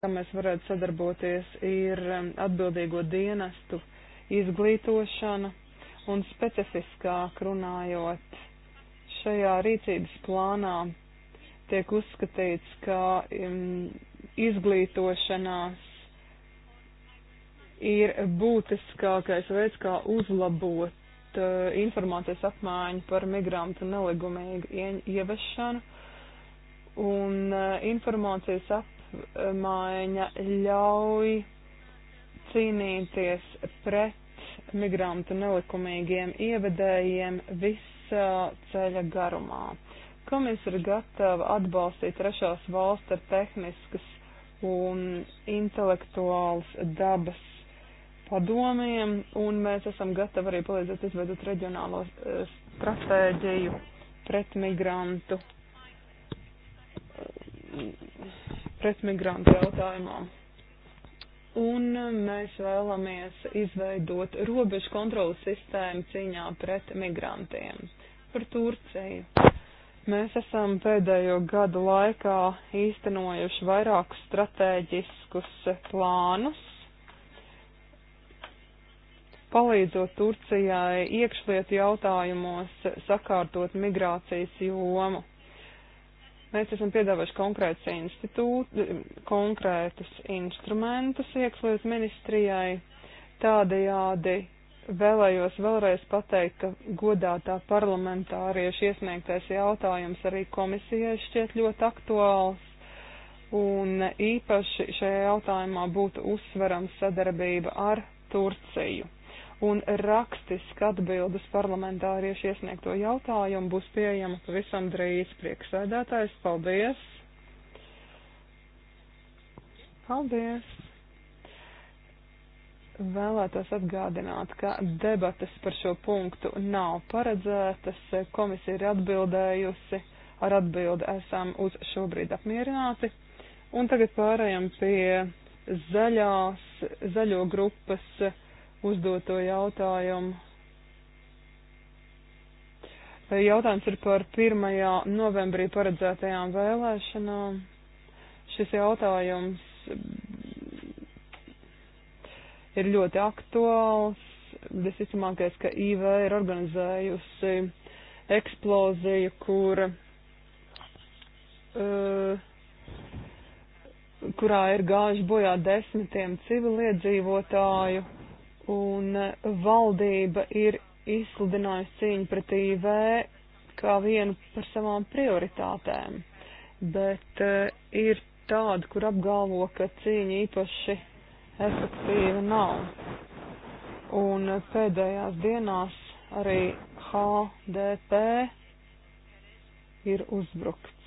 kā mēs varētu sadarboties, ir um, atbildīgo dienestu izglītošana un specifiskāk runājot šajā rīcības plānā tiek uzskatīts, ka um, izglītošanās ir būtiskākais veids, kā uzlabot uh, informācijas apmaiņu par migrantu nelegumīgu ievešanu un uh, informācijas apmaiņu maiņa ļauj cīnīties pret migrantu nelikumīgiem ievedējiem visā ceļa garumā. Komisija ir gatava atbalstīt trešās valsts ar tehniskas un intelektuālas dabas padomiem, un mēs esam gatavi arī palīdzēt izveidot reģionālo eh, stratēģiju pret migrantu pret migrantu jautājumā. Un mēs vēlamies izveidot robežu kontrolas sistēmu cīņā pret migrantiem. Par Turciju. Mēs esam pēdējo gadu laikā īstenojuši vairākus strateģiskus plānus, palīdzot Turcijai iekšlietu jautājumos sakārtot migrācijas jomu. Mēs esam piedāvājuši konkrētus, institūt, konkrētus instrumentus iekšlietu ministrijai. Tādējādi vēlējos vēlreiz pateikt, ka godātā parlamentārieša iesniegtais jautājums arī komisijai šķiet ļoti aktuāls. Un īpaši šajā jautājumā būtu uzsverams sadarbība ar Turciju un rakstiski atbildes parlamentārieši iesniegto jautājumu būs pieejama pavisam drīz. Prieksēdētājs, paldies! Paldies! vēlētos atgādināt, ka debatas par šo punktu nav paredzētas. Komisija ir atbildējusi, ar atbildi esam uz šobrīd apmierināti. Un tagad pārējām pie zaļās, zaļo grupas uzdoto jautājumu. Jautājums ir par 1. novembrī paredzētajām vēlēšanām. Šis jautājums mm, ir ļoti aktuāls. Visticamākais, ka IV ir organizējusi eksploziju, kur, uh, kurā ir gājuši bojā desmitiem civiliedzīvotāju un valdība ir izsludinājusi cīņu pret IV kā vienu par savām prioritātēm, bet uh, ir tāda, kur apgalvo, ka cīņa īpaši efektīva nav. Un pēdējās dienās arī HDP ir uzbrukts.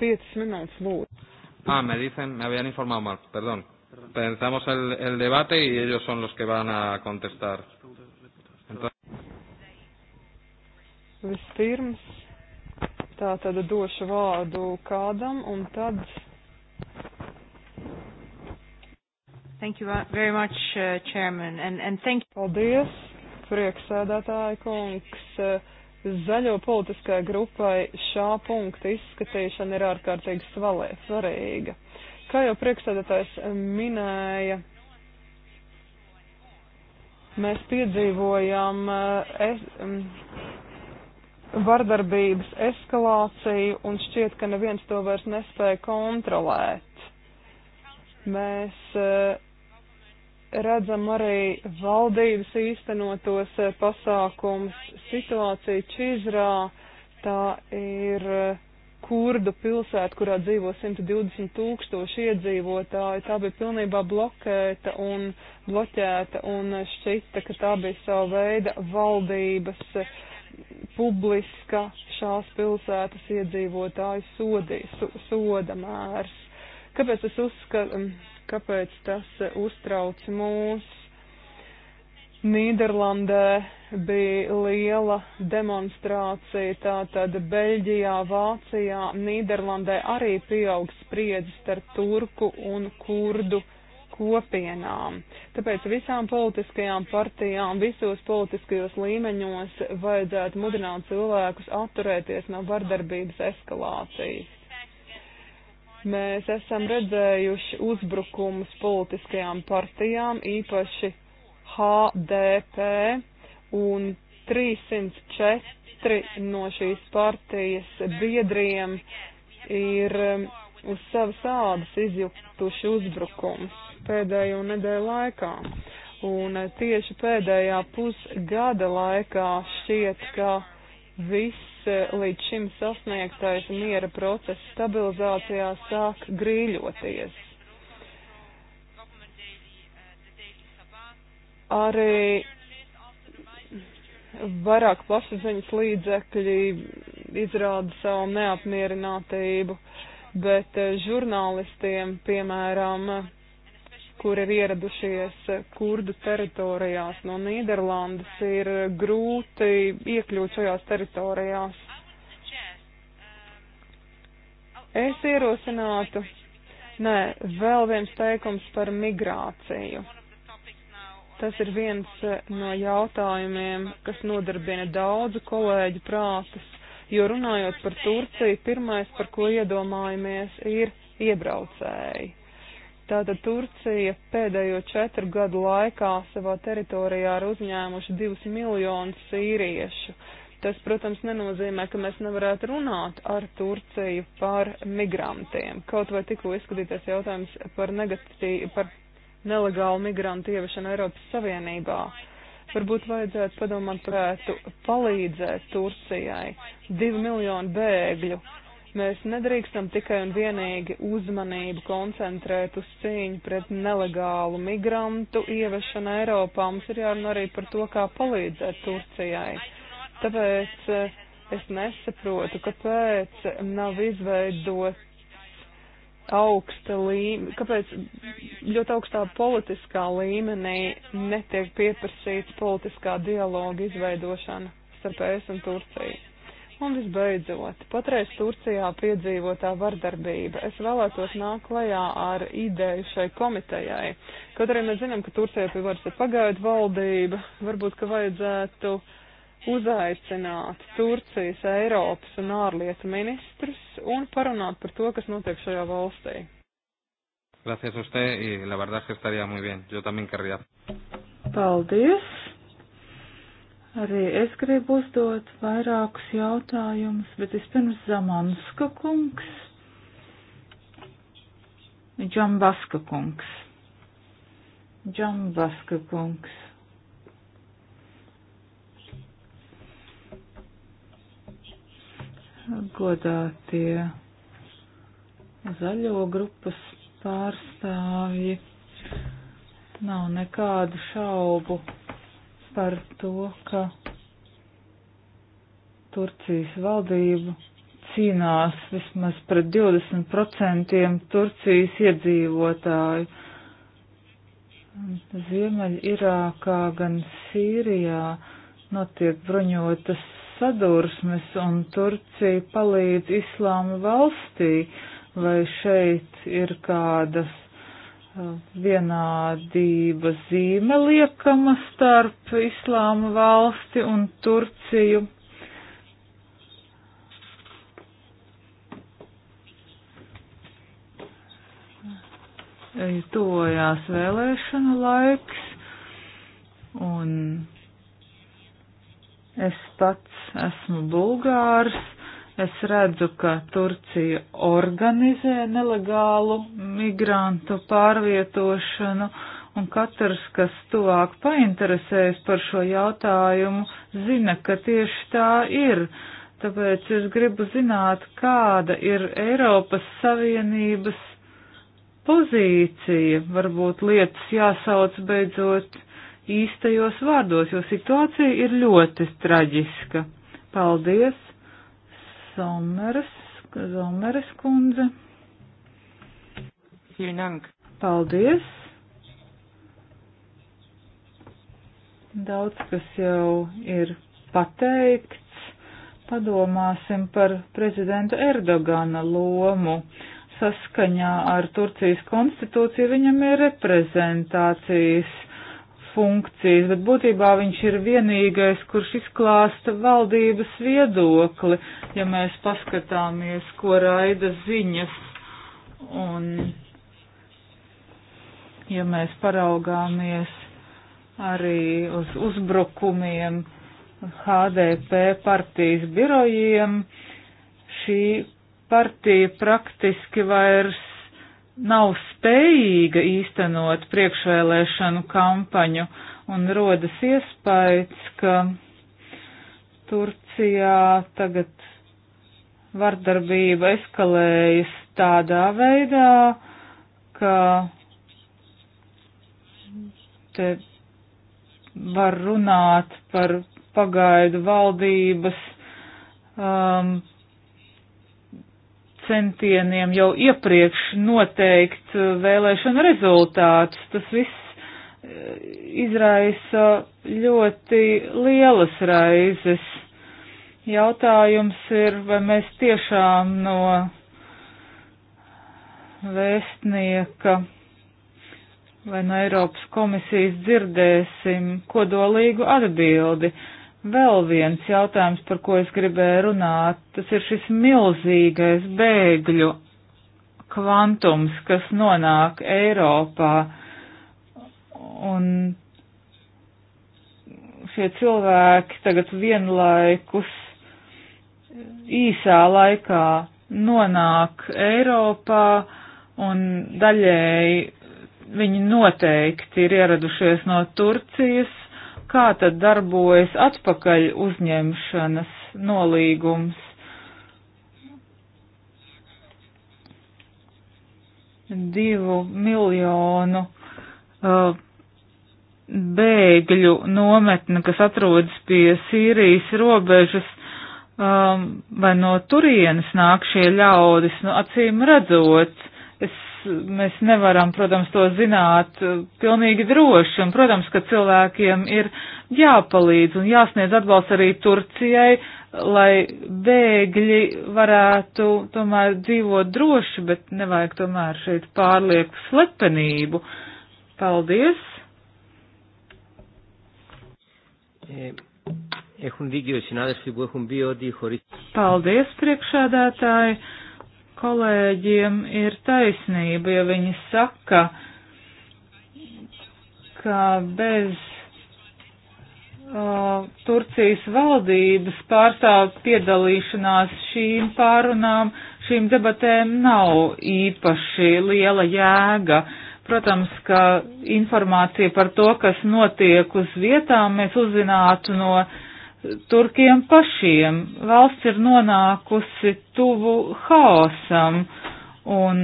5 minūtes lūdzu. Ah, me dicen, me habían informado mal, perdón. perdón. Pensamos el, el debate y ellos son los que van a contestar. Entonces... Vispirms tā tad došu vārdu kādam un tad. Thank you very much, uh, Chairman, and, and thank you. Paldies, prieksēdētāji kungs. Uh, Zaļo politiskajai grupai šā punkta izskatīšana ir ārkārtīgi svalē, svarīga. Kā jau priekšsēdētājs minēja, mēs piedzīvojam eh, es, mm, vardarbības eskalāciju un šķiet, ka neviens to vairs nespēja kontrolēt. Mēs eh, redzam arī valdības īstenotos eh, pasākums. Situācija Čizrā, tā ir eh, kurdu pilsēta, kurā dzīvo 120 tūkstoši iedzīvotāji, tā bija pilnībā blokēta un bloķēta un eh, šķita, ka tā bija savu veidu valdības publiska šās pilsētas iedzīvotāju sodi, su, soda mērs. Kāpēc es uzskatu? kāpēc tas uztrauc mūs. Nīderlandē bija liela demonstrācija, tātad Beļģijā, Vācijā, Nīderlandē arī pieaug spriedzi starp turku un kurdu kopienām. Tāpēc visām politiskajām partijām, visos politiskajos līmeņos vajadzētu mudināt cilvēkus atturēties no vardarbības eskalācijas. Mēs esam redzējuši uzbrukumus politiskajām partijām, īpaši HDP, un 304 no šīs partijas biedriem ir um, uz savas ādas izjuktuši uzbrukums pēdējo nedēļu laikā. Un uh, tieši pēdējā pusgada laikā šķiet, ka viss eh, līdz šim sasniegtais miera procesa stabilizācijā sāk grīļoties. Arī vairāk plašsaziņas līdzekļi izrāda savu neapmierinātību, bet eh, žurnālistiem, piemēram, kur ir ieradušies kurdu teritorijās no Nīderlandes, ir grūti iekļūt šajās teritorijās. Es ierosinātu, nē, vēl viens teikums par migrāciju. Tas ir viens no jautājumiem, kas nodarbina daudzu kolēģu prātus, jo runājot par Turciju, pirmais, par ko iedomājamies, ir iebraucēji Tātad Turcija pēdējo četru gadu laikā savā teritorijā ir uzņēmuši divus miljonus sīriešu. Tas, protams, nenozīmē, ka mēs nevarētu runāt ar Turciju par migrantiem. Kaut vai tikko izskatīties jautājums par, negatī, par nelegālu migrantu ieviešanu Eiropas Savienībā. Varbūt vajadzētu padomāt, varētu palīdzēt Turcijai. Divi miljoni bēgļu Mēs nedrīkstam tikai un vienīgi uzmanību koncentrēt uz cīņu pret nelegālu migrantu ievešanu Eiropā. Mums ir jārunā arī par to, kā palīdzēt Turcijai. Tāpēc eh, es nesaprotu, kāpēc nav izveidot augsta līmenī, kāpēc ļoti augstā politiskā līmenī netiek pieprasīts politiskā dialoga izveidošana starp ES un Turciju. Un visbeidzot, patreiz Turcijā piedzīvotā vardarbība. Es vēlētos nākt klajā ar ideju šai komitejai. Kaut arī mēs zinām, ka Turcijā pie varas ir pagaidu valdība, varbūt, ka vajadzētu uzaicināt Turcijas, Eiropas un ārlietu ministrus un parunāt par to, kas notiek šajā valstī. Gracias a usted y la verdad es que estaría muy bien. Yo también querría. Paldies. Arī es gribu uzdot vairākus jautājumus, bet vispirms Zamanska kungs, Džambaska kungs, Džambaska kungs. Godātie zaļo grupas pārstāvji, nav nekādu šaubu par to, ka Turcijas valdība cīnās vismaz pret 20% Turcijas iedzīvotāju. Ziemeļirākā gan Sīrijā notiek bruņotas sadursmes un Turcija palīdz islāma valstī, vai šeit ir kādas vienādība zīme liekama starp islāma valsti un Turciju. Tuvojās vēlēšana laiks, un es pats esmu bulgārs, Es redzu, ka Turcija organizē nelegālu migrantu pārvietošanu, un katrs, kas tuvāk painteresējas par šo jautājumu, zina, ka tieši tā ir. Tāpēc es gribu zināt, kāda ir Eiropas Savienības pozīcija. Varbūt lietas jāsauc beidzot īstajos vārdos, jo situācija ir ļoti traģiska. Paldies! Zomeras, Zomeras kundze. Vielen Paldies! Daudz kas jau ir pateikts. Padomāsim par prezidenta Erdogana lomu. Saskaņā ar Turcijas konstitūciju viņam ir reprezentācijas funkcijas, bet būtībā viņš ir vienīgais, kurš izklāsta valdības viedokli, ja mēs paskatāmies, ko raida ziņas. Un, ja mēs paraugāmies arī uz uzbrukumiem HDP partijas birojiem, šī partija praktiski vairs nav spējīga īstenot priekšvēlēšanu kampaņu un rodas iespējas, ka Turcijā tagad vardarbība eskalējas tādā veidā, ka te var runāt par pagaidu valdības um, centieniem jau iepriekš noteikt eh, vēlēšanu rezultātus. Tas viss eh, izraisa ļoti lielas raizes. Jautājums ir, vai mēs tiešām no vēstnieka vai no Eiropas komisijas dzirdēsim kodolīgu atbildi. Uh, Vēl viens jautājums, par ko es gribēju runāt, tas ir šis milzīgais bēgļu kvantums, kas nonāk Eiropā. Un šie cilvēki tagad vienlaikus īsā laikā nonāk Eiropā un daļēji viņi noteikti ir ieradušies no Turcijas kā tad darbojas atpakaļ uzņemšanas nolīgums. Divu miljonu uh, bēgļu nometne, kas atrodas pie Sīrijas robežas, um, vai no turienes nāk šie ļaudis, nu, acīm redzot, es mēs nevaram, protams, to zināt uh, pilnīgi droši, un, protams, ka cilvēkiem ir jāpalīdz un jāsniedz atbalsts arī Turcijai, lai bēgļi varētu tomēr dzīvot droši, bet nevajag tomēr šeit pārlieku slepenību. Paldies! Eh, eh, Paldies, priekšādātāji! kolēģiem ir taisnība, ja viņi saka, ka bez uh, Turcijas valdības pārstāv piedalīšanās šīm pārunām, šīm debatēm nav īpaši liela jēga. Protams, ka informācija par to, kas notiek uz vietām, mēs uzzinātu no uh, turkiem pašiem. Valsts ir nonākusi tuvu haosam un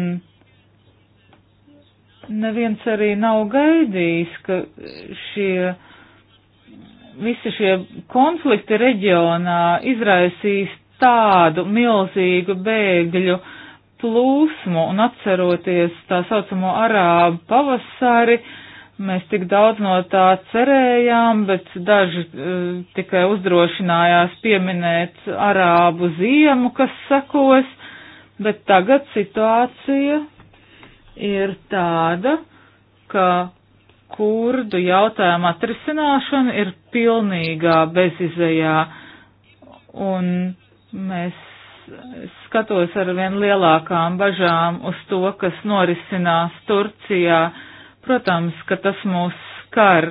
neviens arī nav gaidījis, ka šie visi šie konflikti reģionā izraisīs tādu milzīgu bēgļu plūsmu un atceroties tā saucamo arābu pavasari, uh, Mēs tik daudz no tā cerējām, bet daži uh, tikai uzdrošinājās pieminēt arābu ziemu, kas sekos, bet tagad situācija ir tāda, ka kurdu jautājumu atrisināšana ir pilnīgā bezizējā, un mēs skatos ar vien lielākām bažām uz to, kas norisinās Turcijā Protams, ka tas mūs skar.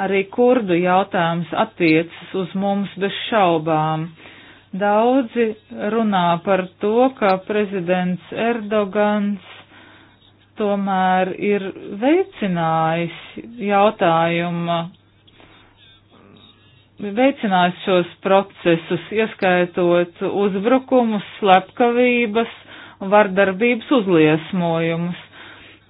Arī kurdu jautājums attiecas uz mums bez šaubām. Daudzi runā par to, ka prezidents Erdogans tomēr ir veicinājis jautājuma, veicinājis šos procesus, ieskaitot uzbrukumus, slepkavības un vardarbības uzliesmojumus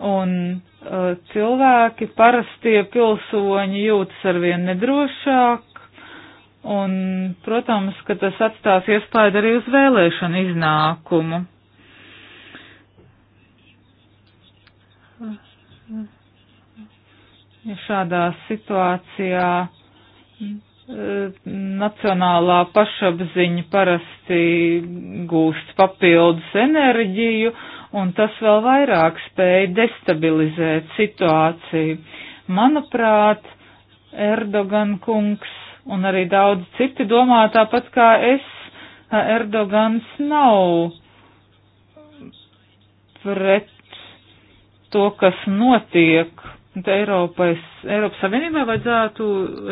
un uh, cilvēki, parastie pilsoņi jūtas arvien nedrošāk, un, protams, ka tas atstās iespēju arī uz vēlēšanu iznākumu. Ja šādā situācijā uh, nacionālā pašapziņa parasti gūst papildus enerģiju un tas vēl vairāk spēja destabilizēt situāciju. Manuprāt, Erdogan kungs un arī daudz citi domā tāpat kā es, Erdogans nav pret to, kas notiek. Eiropas, Eiropas Savienībā vajadzētu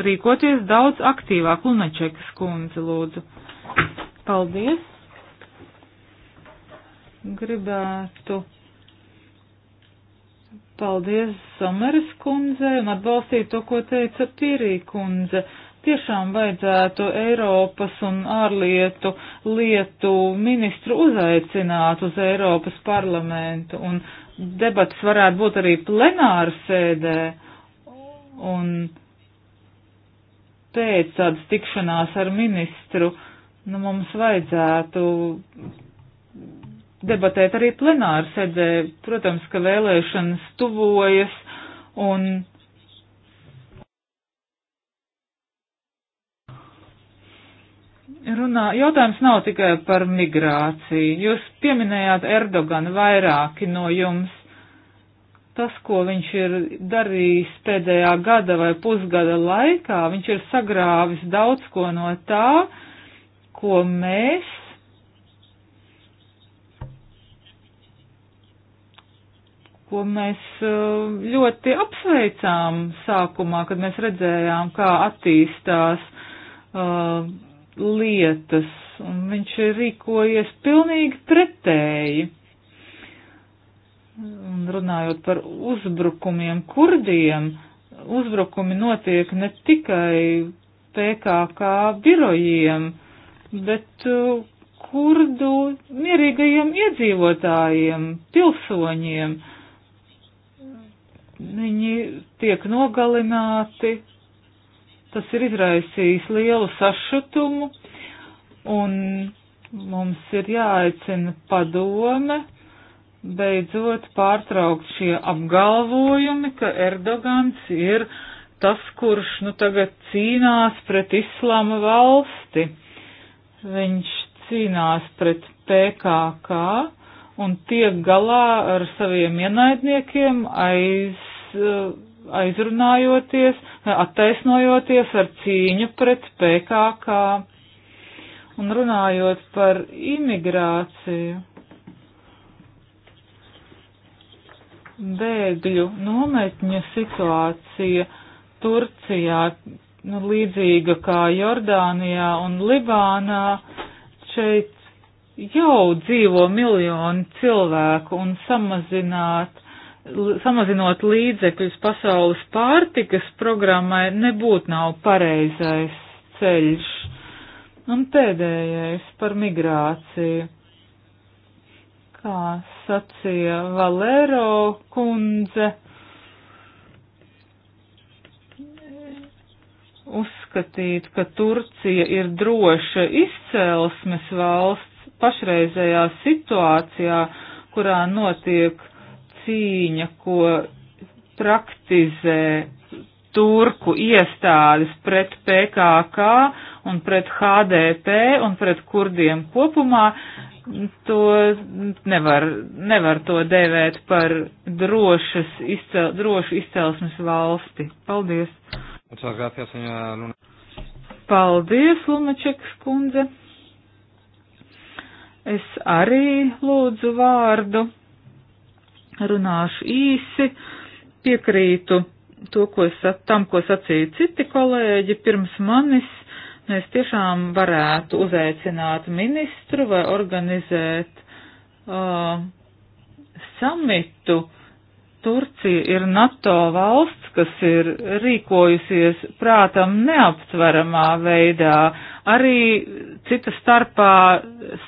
rīkoties daudz aktīvāk. Lunačekas kundze, lūdzu. Paldies gribētu paldies Someras kundze un atbalstīt to, ko teica Pirī kundze. Tiešām vajadzētu Eiropas un ārlietu lietu ministru uzaicināt uz Eiropas parlamentu un debats varētu būt arī plenāra sēdē un pēc tādas tikšanās ar ministru, nu mums vajadzētu debatēt arī plenāru sēdē. Protams, ka vēlēšanas tuvojas un. Runā, jautājums nav tikai par migrāciju. Jūs pieminējāt Erdoganu vairāki no jums. Tas, ko viņš ir darījis pēdējā gada vai pusgada laikā, viņš ir sagrāvis daudz ko no tā, ko mēs ko mēs uh, ļoti apsveicām sākumā, kad mēs redzējām, kā attīstās uh, lietas, un viņš ir rīkojies pilnīgi pretēji. Un runājot par uzbrukumiem kurdiem, uzbrukumi notiek ne tikai PKK birojiem, bet uh, kurdu mierīgajiem iedzīvotājiem, pilsoņiem. Uh, Viņi tiek nogalināti, tas ir izraisījis lielu sašutumu, un mums ir jāaicina padome beidzot pārtraukt šie apgalvojumi, ka Erdogans ir tas, kurš nu tagad cīnās pret islāma valsti. Viņš cīnās pret PKK un tiek galā ar saviem ienaidniekiem aiz Eh, aizrunājoties, eh, attaisnojoties ar cīņu pret PKK un runājot par imigrāciju. Bēgļu nometņu situācija Turcijā, nu, līdzīga kā Jordānijā un Libānā, šeit jau dzīvo miljoni cilvēku un samazināt samazinot līdzekļus pasaules pārtikas programmai nebūtu nav pareizais ceļš. Un pēdējais par migrāciju. Kā sacīja Valero kundze, uzskatīt, ka Turcija ir droša izcēlesmes valsts pašreizējā situācijā, kurā notiek cīņa, ko praktizē turku iestādes pret PKK un pret HDP un pret kurdiem kopumā, to nevar, nevar to dēvēt par drošas, izcel, drošu izcelsmes valsti. Paldies! Paldies, Lunačekas kundze! Es arī lūdzu vārdu runāšu īsi, piekrītu to, ko es, tam, ko sacīja citi kolēģi pirms manis. Mēs tiešām varētu uzaicināt ministru vai organizēt uh, samitu. Turcija ir NATO valsts, kas ir rīkojusies prātam neaptveramā veidā, arī cita starpā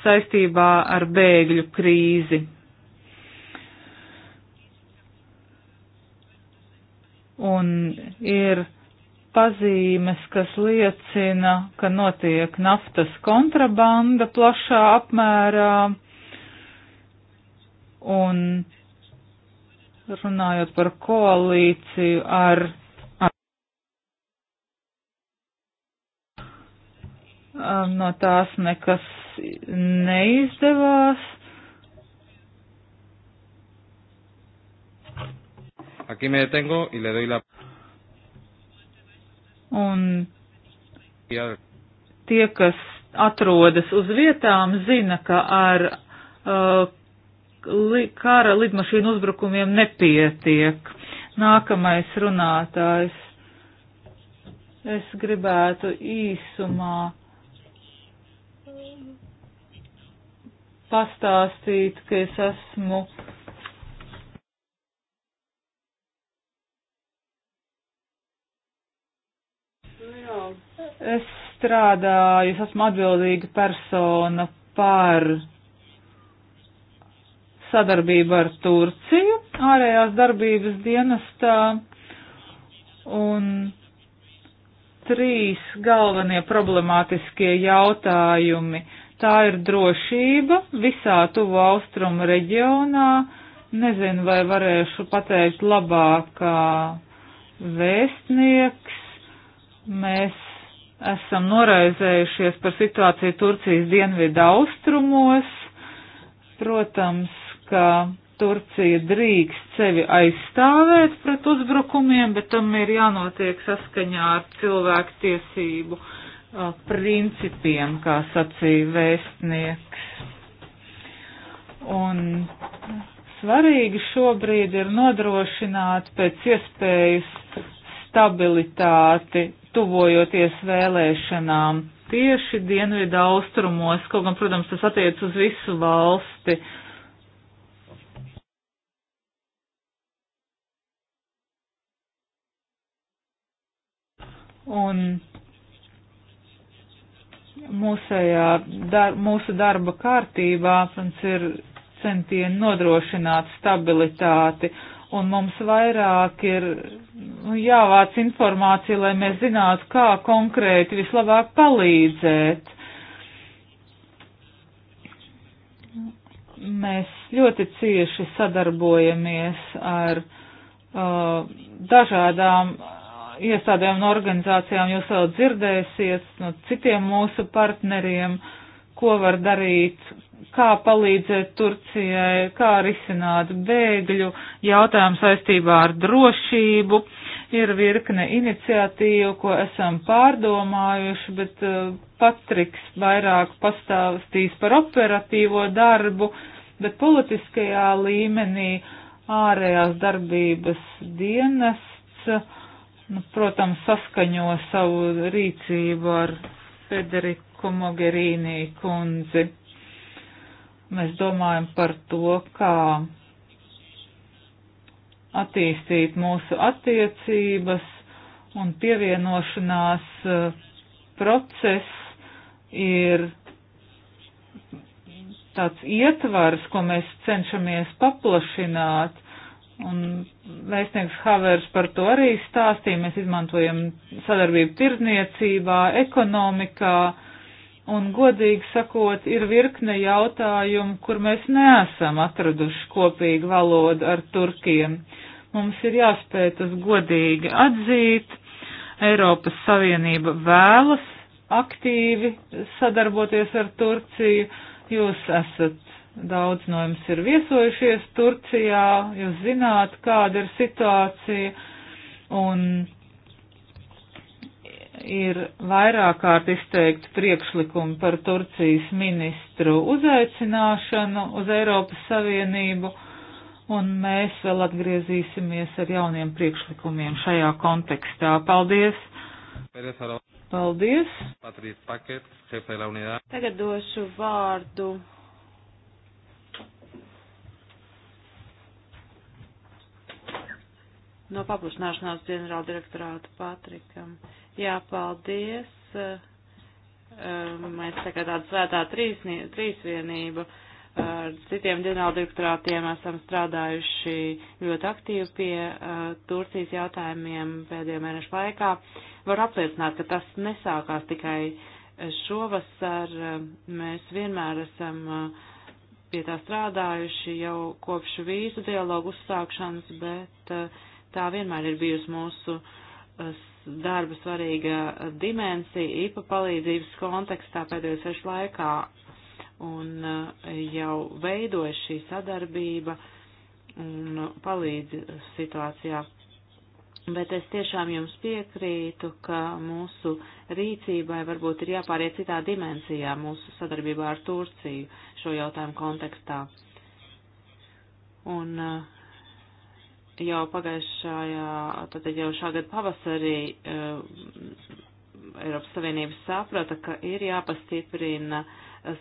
saistībā ar bēgļu krīzi. un ir pazīmes, kas liecina, ka notiek naftas kontrabanda plašā apmērā. Un runājot par koalīciju ar, ar no tās nekas neizdevās Aquí me detengo y le doy la. Un tie, kas atrodas uz vietām, zina, ka ar uh, li, kara lidmašīnu uzbrukumiem nepietiek. Nākamais runātājs. Es gribētu īsumā pastāstīt, ka es esmu uh, Es strādāju, es esmu atbildīga persona par sadarbību ar Turciju ārējās darbības dienestā un trīs galvenie problemātiskie jautājumi. Tā ir drošība visā tuvu austrumu reģionā. Nezinu, vai varēšu pateikt labākā vēstnieks Mēs esam noraizējušies par situāciju Turcijas dienvidu austrumos. Protams, ka Turcija drīkst sevi aizstāvēt pret uzbrukumiem, bet tam ir jānotiek saskaņā ar cilvēku tiesību uh, principiem, kā sacīja vēstnieks. Un svarīgi šobrīd ir nodrošināt pēc iespējas stabilitāti tuvojoties vēlēšanām tieši dienvidu austrumos, kaut gan, protams, tas attiec uz visu valsti. Un mūsējā, dar, mūsu darba kārtībā, protams, ir centieni nodrošināt stabilitāti un mums vairāk ir nu, jāvāc informācija, lai mēs zinātu, kā konkrēti vislabāk palīdzēt. Mēs ļoti cieši sadarbojamies ar uh, dažādām iestādēm un organizācijām. Jūs vēl dzirdēsiet no citiem mūsu partneriem, ko var darīt, kā palīdzēt Turcijai, kā risināt bēgļu jautājumu saistībā ar drošību. Ir virkne iniciatīvu, ko esam pārdomājuši, bet uh, Patriks vairāk pastāstīs par operatīvo darbu, bet politiskajā līmenī ārējās darbības dienests, nu, protams, saskaņo savu rīcību ar Federiku Mogherīnī kundzi. Mēs domājam par to, kā attīstīt mūsu attiecības un pievienošanās eh, process ir tāds ietvars, ko mēs cenšamies paplašināt. Un vēstnieks Havers par to arī stāstīja. Mēs izmantojam sadarbību tirdniecībā, ekonomikā, uh, Un, godīgi sakot, ir virkne jautājumu, kur mēs neesam atraduši kopīgu valodu ar turkiem. Mums ir jāspēj tas godīgi atzīt. Eiropas Savienība vēlas aktīvi sadarboties ar Turciju. Jūs esat, daudz no jums ir viesojušies Turcijā, jūs zināt, kāda ir situācija. Un ir vairāk kārt izteikti priekšlikumi par Turcijas ministru uzaicināšanu uz Eiropas Savienību, un mēs vēl atgriezīsimies ar jauniem priekšlikumiem šajā kontekstā. Paldies! Paldies! Tagad došu vārdu. No paplašināšanās ģenerāldirektorāta Patrikam. Um. Jā, paldies. Ehm, mēs tagad tāda svētā trīsvienība ar citiem ģenerāldirektorātiem esam strādājuši ļoti aktīvi pie eh, Turcijas jautājumiem pēdējo mēnešu laikā. Var apliecināt, ka tas nesākās tikai šovasar. Mēs vienmēr esam eh, pie tā strādājuši jau kopš vīzu dialogu uzsākšanas, bet eh, tā vienmēr ir bijusi mūsu uh, darba svarīga dimensija IPA palīdzības kontekstā pēdējos sešu laikā. Un e, jau veidojas šī sadarbība un palīdz situācijā. Bet es tiešām jums piekrītu, ka mūsu rīcībai varbūt ir jāpāriet citā dimensijā mūsu sadarbībā ar Turciju šo jautājumu kontekstā. Un uh, jau pagājušajā, tātad jau šā gada pavasarī eh, Eiropas Savienība saprata, ka ir jāpastiprina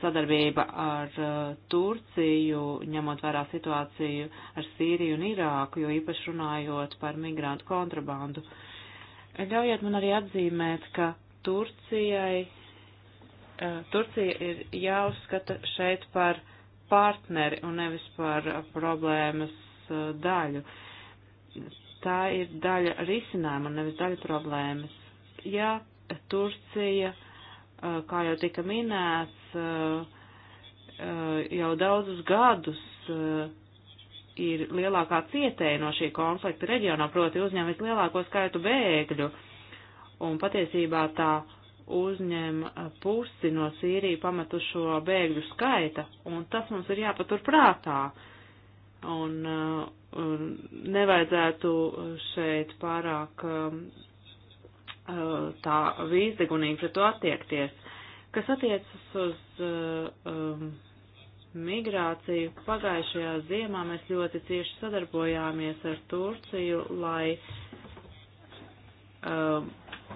sadarbība ar eh, Turciju, ņemot vērā situāciju ar Sīriju un Irāku, jo īpaši runājot par migrantu kontrabandu. Ļaujiet man arī atzīmēt, ka Turcijai, eh, Turcija ir jāuzskata šeit par partneri un nevis par problēmas daļu tā ir daļa risinājuma, nevis daļa problēmas. Ja Turcija, kā jau tika minēts, jau daudzus gadus ir lielākā cietēja no šī konflikta reģionā, proti uzņem vislielāko skaitu bēgļu, un patiesībā tā uzņem pusi no Sīriju pametušo bēgļu skaita, un tas mums ir jāpatur prātā. Un uh, nevajadzētu šeit pārāk um, uh, tā vīzdegunīgi pret to attiekties. Kas attiecas uz uh, um, migrāciju, pagājušajā ziemā mēs ļoti cieši sadarbojāmies ar Turciju, lai um,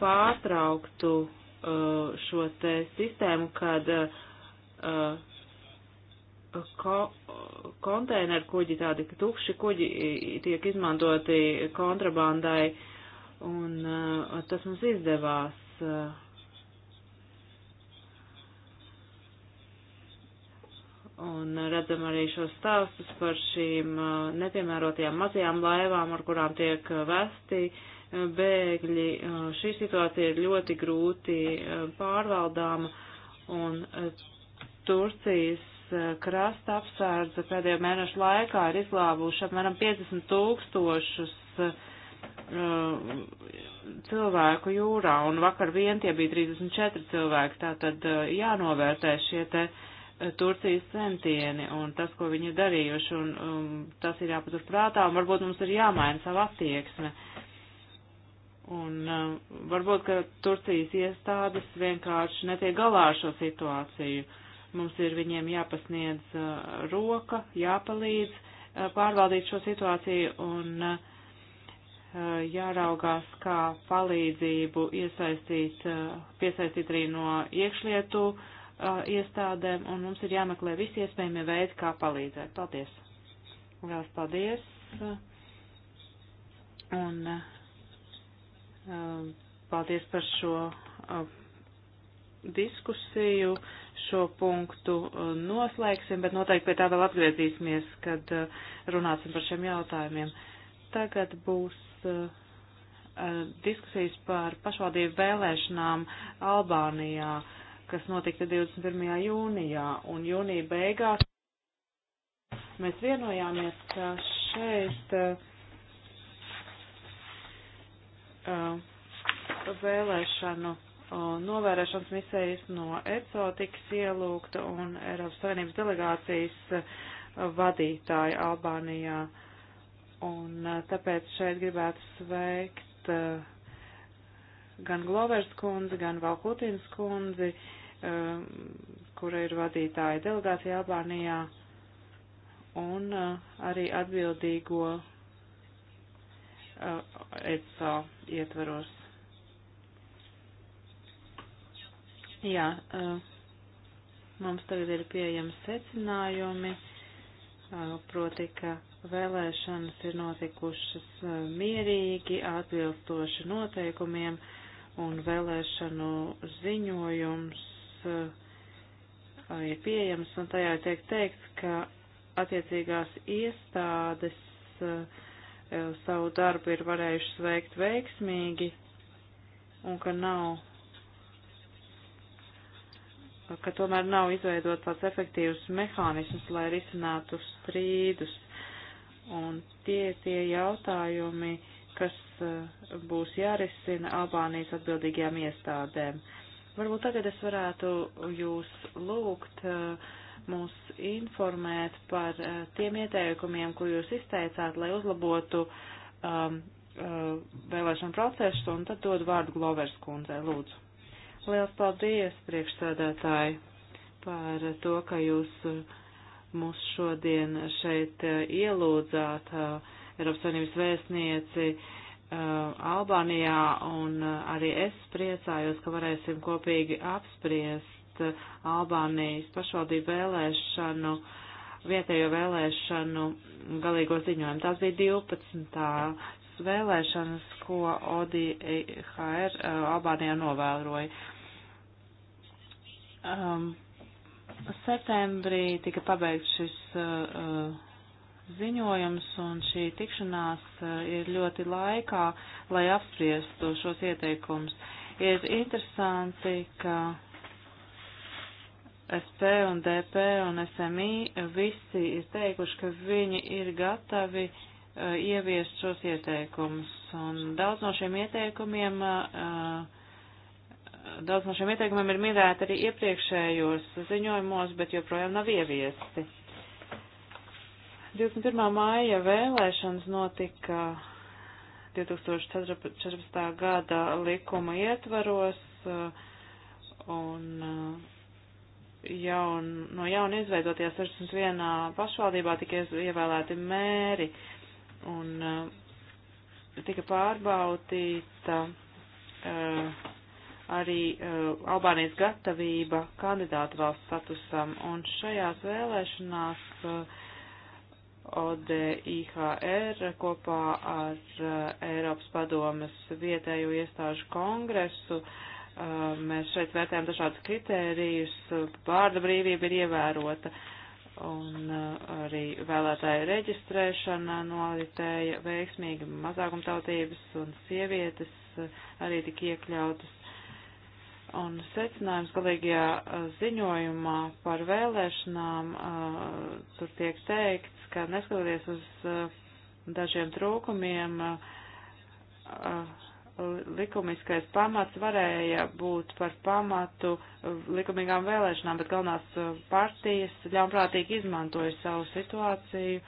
pārtrauktu uh, šo te sistēmu, kad uh, ko, konteineru kuģi, tādi tukši kuģi tiek izmantoti kontrabandai, un uh, tas mums izdevās. Uh, un redzam arī šos stāstus par šīm uh, nepiemērotajām mazajām laivām, ar kurām tiek uh, vesti uh, bēgļi. Šī situācija ir ļoti grūti pārvaldāma, un Turcijas Eh, krasta apsārdze pēdējo mēnešu laikā ir izglābuši apmēram 50 tūkstošus eh, cilvēku jūrā, un vakar vien tie bija 34 cilvēki, tātad eh, jānovērtē šie te Turcijas centieni un tas, ko viņi ir darījuši, un um, tas ir jāpatur prātā, un varbūt mums ir jāmaina sava attieksme. Un um, varbūt, ka Turcijas iestādes vienkārši netiek galā ar šo situāciju. Uh, Mums ir viņiem jāpasniedz uh, roka, jāpalīdz uh, pārvaldīt šo situāciju un uh, jāraugās, kā palīdzību iesaistīt, piesaistīt arī no iekšlietu iestādēm, un mums ir jāmeklē visi iespējamie veidi, kā palīdzēt. Paldies! Lielas paldies! Un paldies par šo diskusiju šo punktu uh, noslēgsim, bet noteikti pie tā vēl atgriezīsimies, kad uh, runāsim par šiem jautājumiem. Tagad būs uh, diskusijas par pašvaldību vēlēšanām Albānijā, kas notika 21. jūnijā, un jūnija beigās mēs vienojāmies, ka šeit uh, vēlēšanu novērošanas misijas no ECO tiks ielūgta un Eiropas Savienības delegācijas vadītāja Albānijā. Un tāpēc šeit gribētu sveikt gan Glovers kundzi, gan Valkutins kundzi, kura ir vadītāja delegācija Albānijā, un arī atbildīgo ECO ietvaros Jā, mums tagad ir pieejami secinājumi, proti, ka vēlēšanas ir notikušas mierīgi, atbilstoši noteikumiem, un vēlēšanu ziņojums ir pieejams, un tajā tiek teikt, ka attiecīgās iestādes savu darbu ir varējušas veikt veiksmīgi, un ka nav ka tomēr nav izveidot tāds efektīvs mehānisms, lai risinātu strīdus. Un tie tie jautājumi, kas eh, būs jārisina Albānijas atbildīgajām iestādēm. Varbūt tagad es varētu jūs lūgt eh, mūs informēt par eh, tiem ieteikumiem, ko jūs izteicāt, lai uzlabotu um, uh, vēlēšanu procesu, un tad dod vārdu Glovers kundzei, lūdzu. Liels paldies, priekšsādātāji, par to, ka jūs uh, mūs šodien šeit uh, ielūdzāt uh, Eiropas Savienības vēstnieci Albānijā, un arī es priecājos, ka varēsim kopīgi apspriest Albānijas pašvaldību vēlēšanu, vietējo vēlēšanu galīgo ziņojumu. Tās bija 12. vēlēšanas, ko ODHR Albānijā novēroja. Um, septembrī tika pabeigts šis uh, ziņojums un šī tikšanās uh, ir ļoti laikā, lai apspriestu šos ieteikumus. Ir interesanti, ka SP un DP un SMI visi ir teikuši, ka viņi ir gatavi uh, ieviest šos ieteikumus. Un daudz no šiem ieteikumiem uh, daudz no šiem ieteikumiem ir minēti arī iepriekšējos ziņojumos, bet joprojām nav ieviesti. 21. māja vēlēšanas notika 2014. gada likuma ietvaros un jaun, no jauna izveidoties 61. pašvaldībā tika ievēlēti mēri un tika pārbaudīta uh, arī uh, Albānijas gatavība kandidātu valsts statusam. Un šajās vēlēšanās uh, eh, ODIHR kopā ar uh, Eiropas padomas vietējo iestāžu kongresu uh, mēs šeit vērtējam dažādus kritērijus, vārda brīvība ir ievērota. Un uh, arī vēlētāja reģistrēšana noritēja veiksmīgi mazākumtautības un sievietes arī tika iekļautas un secinājums galīgajā ziņojumā par vēlēšanām tur tiek teikts, ka neskatoties uz dažiem trūkumiem, likumiskais pamats varēja būt par pamatu likumīgām vēlēšanām, bet galvenās partijas ļaunprātīgi izmantoja savu situāciju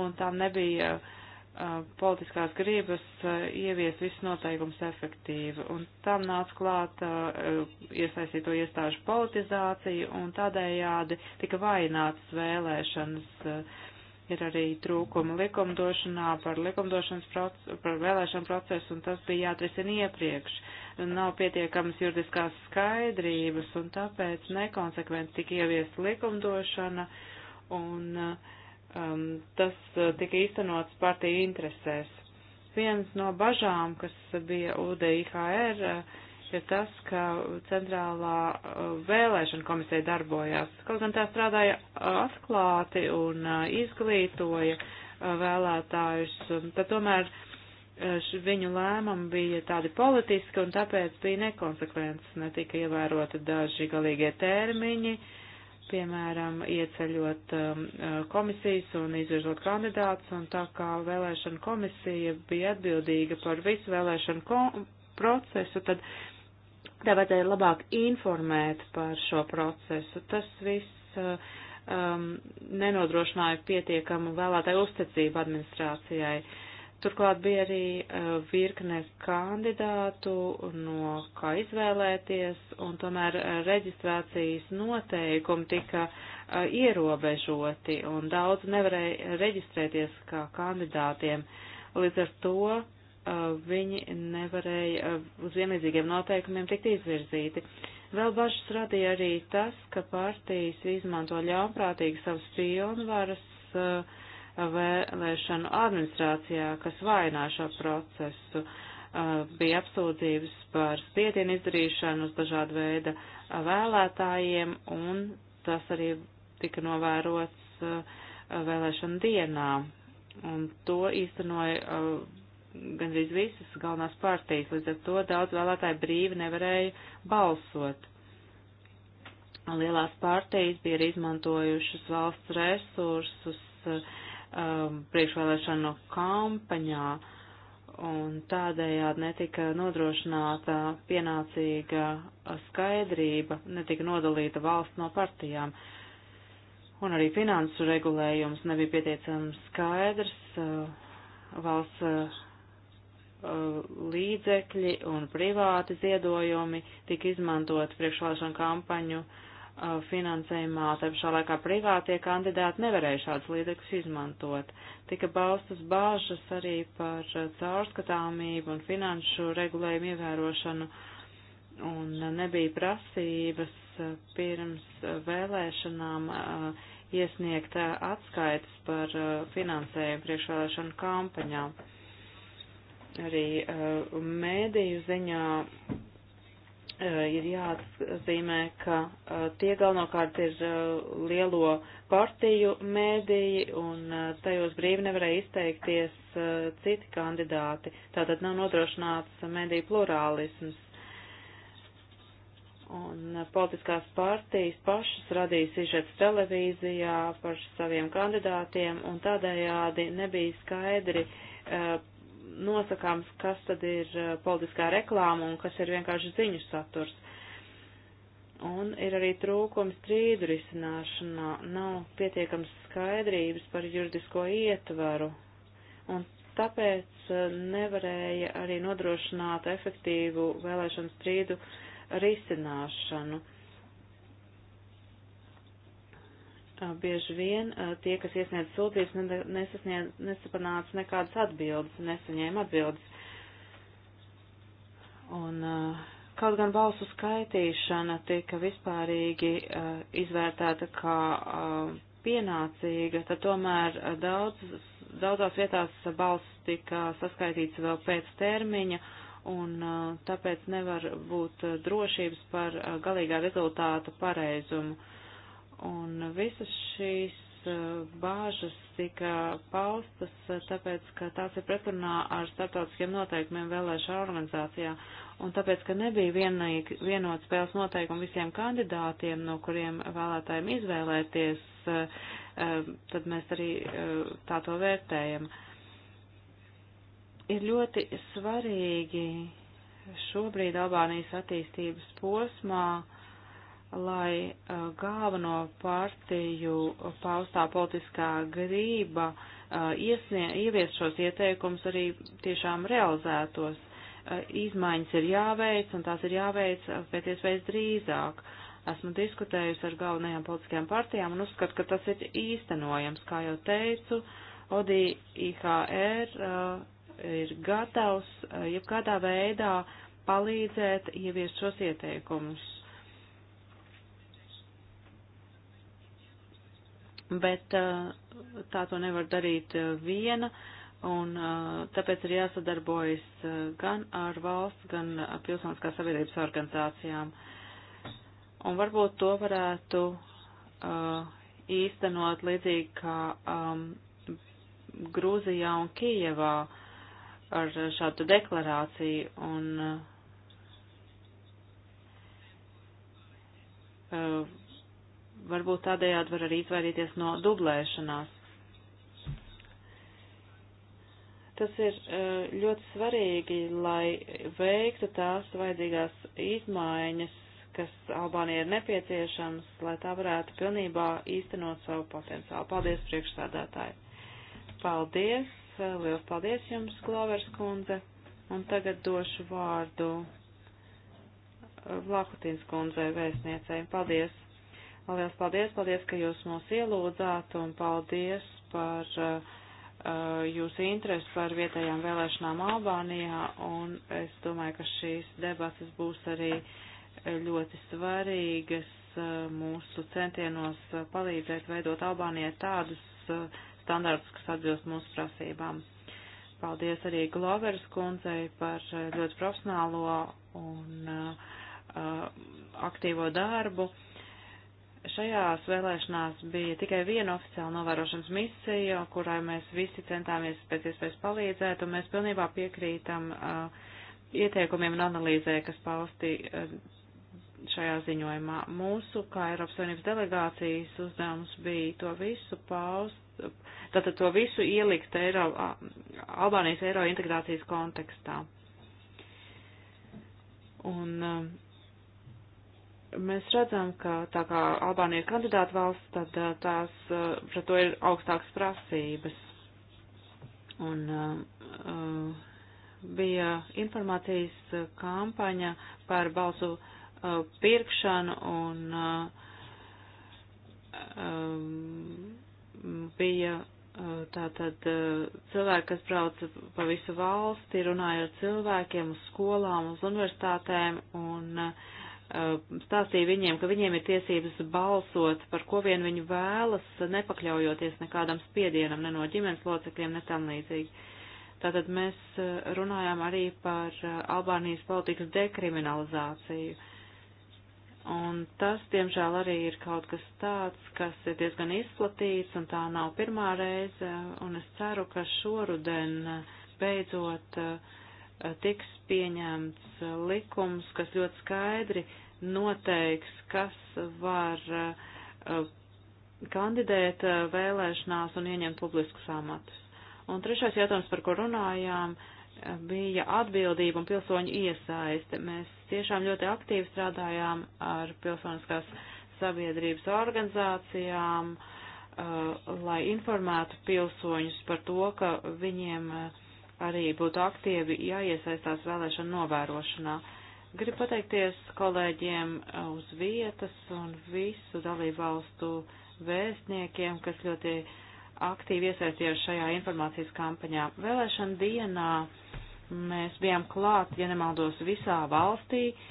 un tām nebija uh, politiskās gribas ievies visus noteikumus efektīvi, un tam nāca klāt iesaistīto iestāžu politizācija, un tādējādi tika vainātas vēlēšanas. Ir arī trūkumi likumdošanā par, likumdošanas procesu, par vēlēšanu procesu, un tas bija jāatrisina iepriekš. Nav pietiekamas juridiskās skaidrības, un tāpēc nekonsekventi tika ieviesta likumdošana, un uh, um, tas uh, tika īstenots partiju interesēs. Viens no bažām, kas bija UDIHR, uh, ir tas, ka centrālā uh, vēlēšana komisija darbojās. Kaut gan tā strādāja atklāti un izglītoja vēlētājus, um, tad tomēr viņu lēmumi bija tādi politiski un tāpēc bija nekonsekvences, netika ievēroti daži galīgie termiņi. Uh, piemēram, ieceļot um, uh, komisijas un izvirzot kandidātus, un tā kā vēlēšana komisija bija atbildīga par visu vēlēšanu procesu, tad tā vajadzēja labāk informēt par šo procesu. Tas viss uh, um, nenodrošināja pietiekamu vēlētāju uzticību administrācijai. Uh, Turklāt bija arī e, virkne kandidātu, no kā izvēlēties, un tomēr e, reģistrācijas noteikumi tika e, ierobežoti, un daudz nevarēja reģistrēties kā kandidātiem. Līdz ar to viņi nevarēja uz vienlīdzīgiem noteikumiem tikt izvirzīti. Vēl bažas radīja arī tas, ka partijas izmanto ļaunprātīgi savas pilnvaras uh, vēlēšanu administrācijā, kas vainā šo procesu. Uh, bija apsūdzības par spiedienu izdarīšanu uz dažādu veidu vēlētājiem, un tas arī tika novērots uh, vēlēšanu dienā. Un to īstenoja uh, gandrīz visas galvenās partijas, līdz ar to daudz vēlētāju brīvi nevarēja balsot. Lielās partijas bija arī izmantojušas valsts resursus, uh, um, priekšvēlēšanu kampaņā, un tādējādi netika nodrošināta pienācīga skaidrība, netika nodalīta valsts no partijām. Un arī finansu regulējums nebija pietiecami skaidrs, uh, valsts uh, līdzekļi un privāti ziedojumi tika izmantot priekšvēlēšanu kampaņu uh, Uh, finansējumā, te pašā laikā privātie kandidāti nevarēja šādus līdzekļus izmantot. Tika baustas bāžas arī par uh, caurskatāmību un finanšu regulējumu ievērošanu, un uh, nebija prasības pirms vēlēšanām iesniegt atskaitas par finansējumu priekšvēlēšanu kampaņām. Arī mēdīju ziņā Eh, ir jāatzīmē, ka eh, tie galvenokārt ir eh, lielo partiju mēdīji un tajos brīvi nevarēja izteikties citi kandidāti. Tātad nav nodrošināts mēdīju plurālisms. Un politiskās partijas pašas radīja sižets televīzijā par saviem kandidātiem un tādējādi nebija skaidri nosakāms, kas tad ir e, politiskā reklāma un kas ir vienkārši ziņu saturs. Un ir arī trūkums strīdu risināšanā, nav pietiekams skaidrības par juridisko ietvaru, un tāpēc e, nevarēja arī nodrošināt efektīvu vēlēšanu strīdu risināšanu. Uh, bieži vien tie, kas iesniedz sūtības, nesasniedz, nesapanāca nekādas atbildes, nesaņēma atbildes. Un kaut gan balsu skaitīšana tika vispārīgi izvērtēta kā pienācīga, tad tomēr daudz, daudzās vietās balss tika saskaitīts vēl pēc termiņa un tāpēc nevar būt drošības par galīgā rezultāta pareizumu. Uh, Un visas šīs eh, bāžas tika paustas, eh, tāpēc, ka tās ir pretrunā ar starptautiskiem noteikumiem vēlēšana organizācijā. Un tāpēc, ka nebija vienīgi, vienot spēles noteikumu visiem kandidātiem, no kuriem vēlētājiem izvēlēties, eh, tad mēs arī tā to vērtējam. Ir ļoti svarīgi šobrīd Albānijas attīstības posmā, lai uh, galveno partiju paustā politiskā grība uh, iesnie, ievies šos ieteikumus arī tiešām realizētos. Uh, izmaiņas ir jāveic, un tās ir jāveic pēc iespējas drīzāk. Esmu diskutējusi ar galvenajām politiskajām partijām un uzskatu, ka tas ir īstenojams. Kā jau teicu, ODI IHR ir gatavs jebkādā veidā palīdzēt ieviest šos ieteikumus bet eh, tā to nevar darīt eh, viena, un eh, tāpēc ir jāsadarbojas gan ar valsts, gan pilsoniskās sabiedrības organizācijām. Un varbūt to varētu īstenot līdzīgi kā um, Grūzijā un Kijevā ar šādu deklarāciju un uh, varbūt tādējādi var arī izvairīties no dublēšanās. Tas ir eh, ļoti svarīgi, lai veiktu tās vajadzīgās izmaiņas, kas Albānija ir nepieciešams, lai tā varētu pilnībā īstenot savu potenciālu. Paldies, priekšstādātāji! Paldies! Eh, liels paldies jums, Klavers kundze! Un tagad došu vārdu eh, Vlakutīnas kundzei vēstniecei. Paldies! Lielas paldies, paldies, ka jūs mūs ielūdzāt un paldies par uh, uh, jūsu interesi par vietējām vēlēšanām Albānijā un es domāju, ka šīs debatas būs arī ļoti svarīgas uh, mūsu centienos uh, palīdzēt veidot Albānijai tādus uh, standartus, kas atbilst mūsu prasībām. Paldies arī Gloveras kundzei par uh, ļoti profesionālo un uh, aktīvo darbu šajās vēlēšanās bija tikai viena oficiāla novērošanas misija, kurai mēs visi centāmies pēc iespējas palīdzēt, un mēs pilnībā piekrītam uh, ieteikumiem un analīzē, kas pausti uh, šajā ziņojumā. Mūsu, kā Eiropas Savienības delegācijas uzdevums bija to visu paust, tātad to visu ielikt Eiro, uh, Albānijas Eiro integrācijas kontekstā. Un, uh, mēs redzam, ka tā kā Albānija ir kandidāta valsts, tad tās pret to ir augstākas prasības. Un uh, bija informācijas kampaņa par balsu uh, pirkšanu un uh, um, bija tātad cilvēki, kas brauca pa visu valsti, runāja ar cilvēkiem, uz skolām, uz universitātēm un uh, Uh, stāstīja viņiem, ka viņiem ir tiesības balsot par ko vien viņi vēlas, nepakļaujoties nekādam spiedienam, ne no ģimenes locekļiem, ne tam līdzīgi. Tātad mēs uh, runājām arī par uh, Albānijas politikas dekriminalizāciju. Un tas, diemžēl, arī ir kaut kas tāds, kas ir diezgan izplatīts, un tā nav pirmā reize, un es ceru, ka šoruden beidzot uh, Eh, tiks pieņemts eh, likums, kas ļoti skaidri noteiks, kas var eh, kandidēt vēlēšanās un ieņemt publiskus amatus. Un trešais jautājums, par ko runājām, bija atbildība un pilsoņu iesaiste. Mēs tiešām ļoti aktīvi strādājām ar pilsoniskās sabiedrības organizācijām, lai informētu pilsoņus par to, ka viņiem uh, arī būtu aktīvi jāiesaistās vēlēšana novērošanā. Gribu pateikties kolēģiem uh, uz vietas un visu dalībvalstu vēstniekiem, kas ļoti aktīvi iesaistījās šajā informācijas kampaņā. Vēlēšana dienā mēs bijām klāt, ja nemaldos, visā valstī, uh,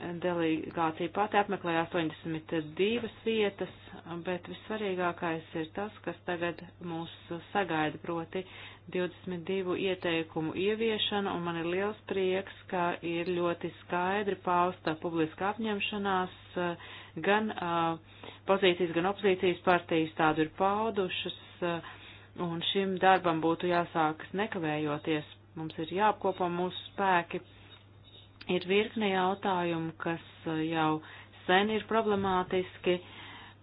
delegācija pati apmeklēja 82 vietas, bet vissvarīgākais ir tas, kas tagad mūs sagaida, proti 22 ieteikumu ieviešana, un man ir liels prieks, ka ir ļoti skaidri pausta publiska apņemšanās, gan pozīcijas, gan opozīcijas partijas tādu ir paudušas, un šim darbam būtu jāsākas nekavējoties. Mums ir jāapkopo mūsu spēki Ir virkne jautājumu, kas uh, jau sen ir problemātiski.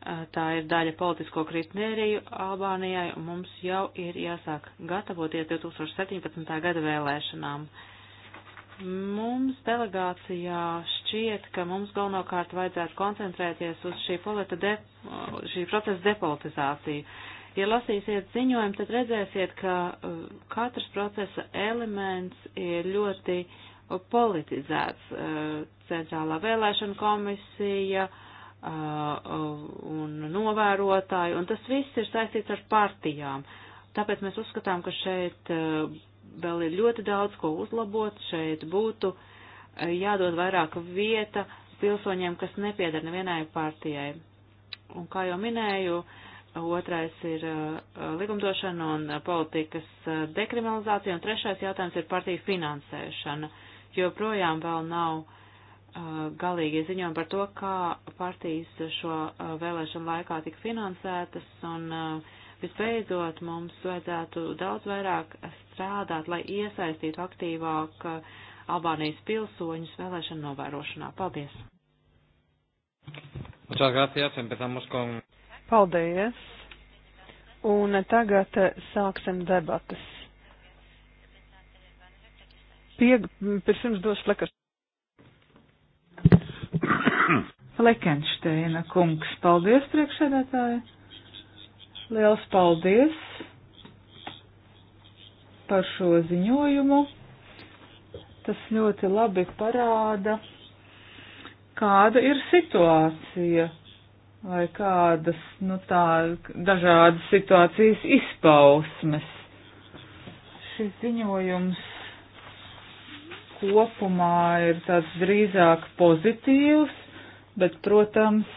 Uh, tā ir daļa politisko kritēriju Albānijai, un mums jau ir jāsāk gatavoties 2017. gada vēlēšanām. Mums delegācijā šķiet, ka mums galvenokārt vajadzētu koncentrēties uz šī, de, uh, šī procesa depolitizāciju. Ja lasīsiet ziņojumu, tad redzēsiet, ka katrs procesa elements ir ļoti uh, politizēts. Eh, centrālā vēlēšana komisija eh, un novērotāji, un tas viss ir saistīts ar partijām. Tāpēc mēs uzskatām, ka šeit eh, vēl ir ļoti daudz ko uzlabot, šeit būtu jādod vairāk vieta pilsoņiem, kas nepiedara nevienai partijai. Un kā jau minēju, otrais ir likumdošana un politikas dekriminalizācija, un trešais jautājums ir partiju finansēšana. Uh, joprojām vēl nav uh, galīgie ziņojumi par to, kā partijas šo uh, vēlēšanu laikā tika finansētas, un uh, visbeidzot mums vajadzētu daudz vairāk strādāt, lai iesaistītu aktīvāk Albānijas pilsoņus vēlēšanu novērošanā. Paldies! Paldies! Un tagad sāksim debatas. Pieg, pirms došu flekas. Flekenšteina kungs, paldies priekšsēdētāji. Liels paldies par šo ziņojumu. Tas ļoti labi parāda, kāda ir situācija vai kādas, nu tā, dažādas situācijas izpausmes. Šis ziņojums kopumā ir tāds drīzāk pozitīvs, bet, protams,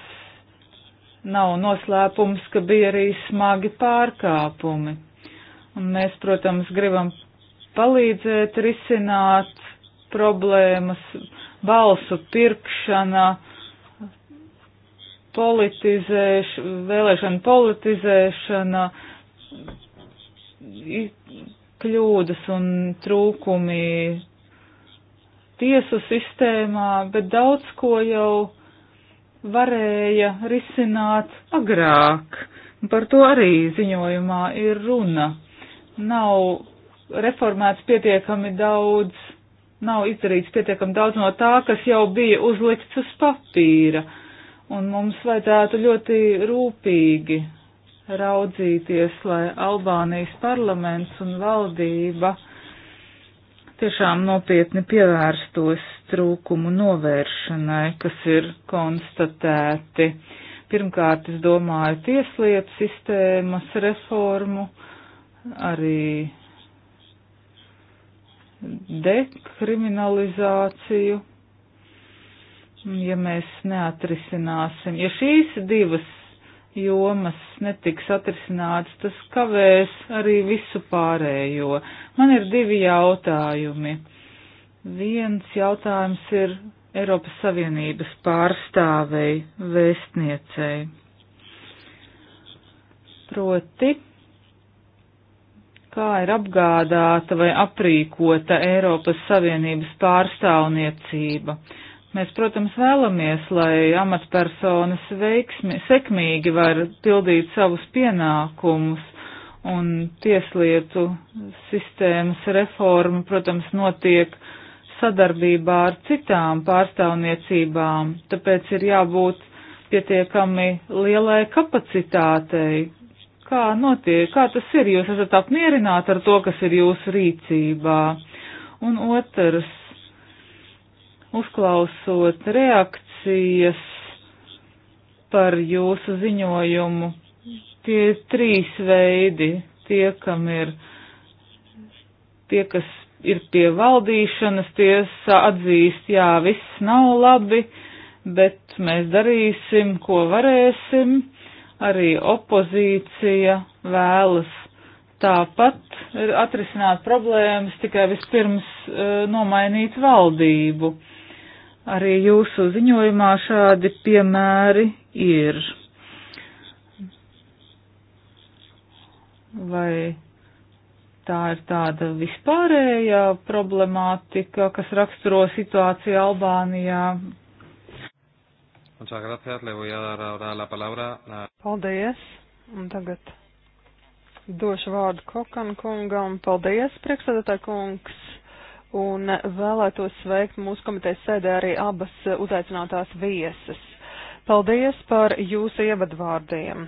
nav noslēpums, ka bija arī smagi pārkāpumi. Un mēs, protams, gribam palīdzēt risināt problēmas, balsu pirkšana, politizēš, vēlēšana politizēšana, kļūdas un trūkumi tiesu sistēmā, bet daudz ko jau varēja risināt agrāk. Par to arī ziņojumā ir runa. Nav reformēts pietiekami daudz, nav izdarīts pietiekami daudz no tā, kas jau bija uzlikts uz papīra. Un mums vajadzētu ļoti rūpīgi raudzīties, lai Albānijas parlaments un valdība tiešām nopietni pievērstos trūkumu novēršanai, kas ir konstatēti. Pirmkārt, es domāju, tieslietu sistēmas reformu, arī dekriminalizāciju. Ja mēs neatrisināsim, ja šīs divas jomas netiks atrisināts, tas kavēs arī visu pārējo. Man ir divi jautājumi. Viens jautājums ir Eiropas Savienības pārstāvei, vēstniecei. Proti, kā ir apgādāta vai aprīkota Eiropas Savienības pārstāvniecība? Mēs, protams, vēlamies, lai amatpersonas veiksmi, sekmīgi var pildīt savus pienākumus, un tieslietu sistēmas reforma, protams, notiek sadarbībā ar citām pārstāvniecībām, tāpēc ir jābūt pietiekami lielai kapacitātei. Kā notiek, kā tas ir, jūs esat apmierināti ar to, kas ir jūsu rīcībā? Un otrs, uzklausot reakcijas par jūsu ziņojumu. Tie ir trīs veidi. Tie, kam ir, tie, kas ir pie valdīšanas, tie atzīst, jā, viss nav labi, bet mēs darīsim, ko varēsim. Arī opozīcija vēlas tāpat atrisināt problēmas, tikai vispirms uh, nomainīt valdību. Uh, Arī jūsu ziņojumā šādi piemēri ir. Vai tā ir tāda vispārējā problemātika, kas raksturo situāciju Albānijā? Paldies! Un tagad došu vārdu Kokan kungam. Paldies, priekšsēdētāj kungs! un vēlētos sveikt mūsu komitejas sēdē arī abas uzaicinātās viesas. Paldies par jūsu ievadvārdiem.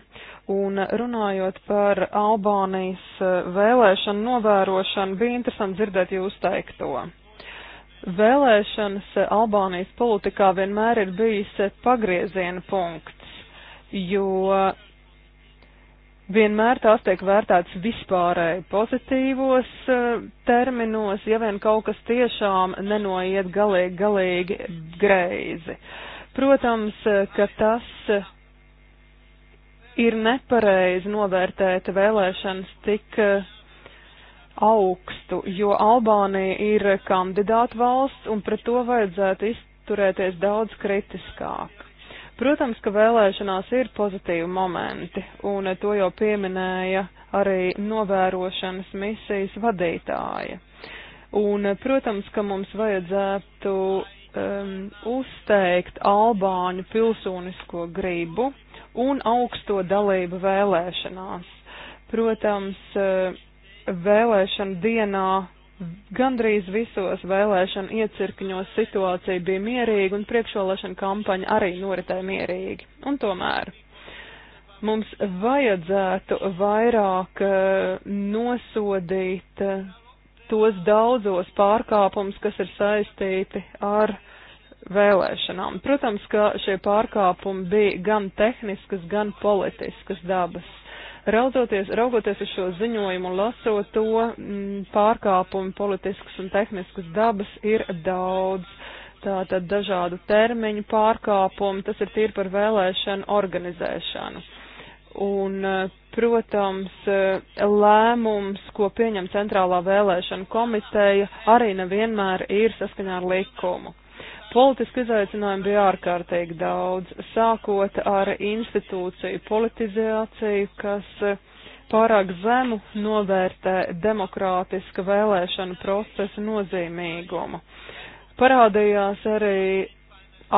Un runājot par Albānijas eh, vēlēšanu novērošanu, bija interesanti dzirdēt jūs teikto. Vēlēšanas Albānijas politikā vienmēr ir bijis pagrieziena punkts, jo vienmēr tās tiek vērtētas vispārēji pozitīvos eh, terminos, ja vien kaut kas tiešām nenoiet galīgi, galīgi greizi. Protams, eh, ka tas eh, ir nepareizi novērtēt vēlēšanas tik augstu, jo Albānija ir kandidāta valsts un pret to vajadzētu izturēties daudz kritiskāk. Protams, ka vēlēšanās ir pozitīvi momenti, un to jau pieminēja arī novērošanas misijas vadītāja. Un, protams, ka mums vajadzētu um, uzteikt Albāņu pilsonisko gribu un augsto dalību vēlēšanās. Protams, uh, vēlēšana dienā Gandrīz visos vēlēšana iecirkņos situācija bija mierīga un priekšvēlēšana kampaņa arī noritēja mierīgi. Un tomēr mums vajadzētu vairāk eh, nosodīt eh, tos daudzos pārkāpumus, kas ir saistīti ar vēlēšanām. Protams, ka šie pārkāpumi bija gan tehniskas, gan politiskas dabas. Raudzoties, raugoties uz šo ziņojumu un lasot to, m, mm, pārkāpumi politiskas un tehniskas dabas ir daudz. Tātad dažādu termiņu pārkāpumi, tas ir tīri par vēlēšanu organizēšanu. Un, eh, protams, eh, lēmums, ko pieņem Centrālā vēlēšana komiteja, arī nevienmēr ir saskaņā ar likumu. Politisku izaicinājumu bija ārkārtīgi daudz, sākot ar institūciju politizāciju, kas pārāk zemu novērtē demokrātiska vēlēšana procesa nozīmīgumu. Parādījās arī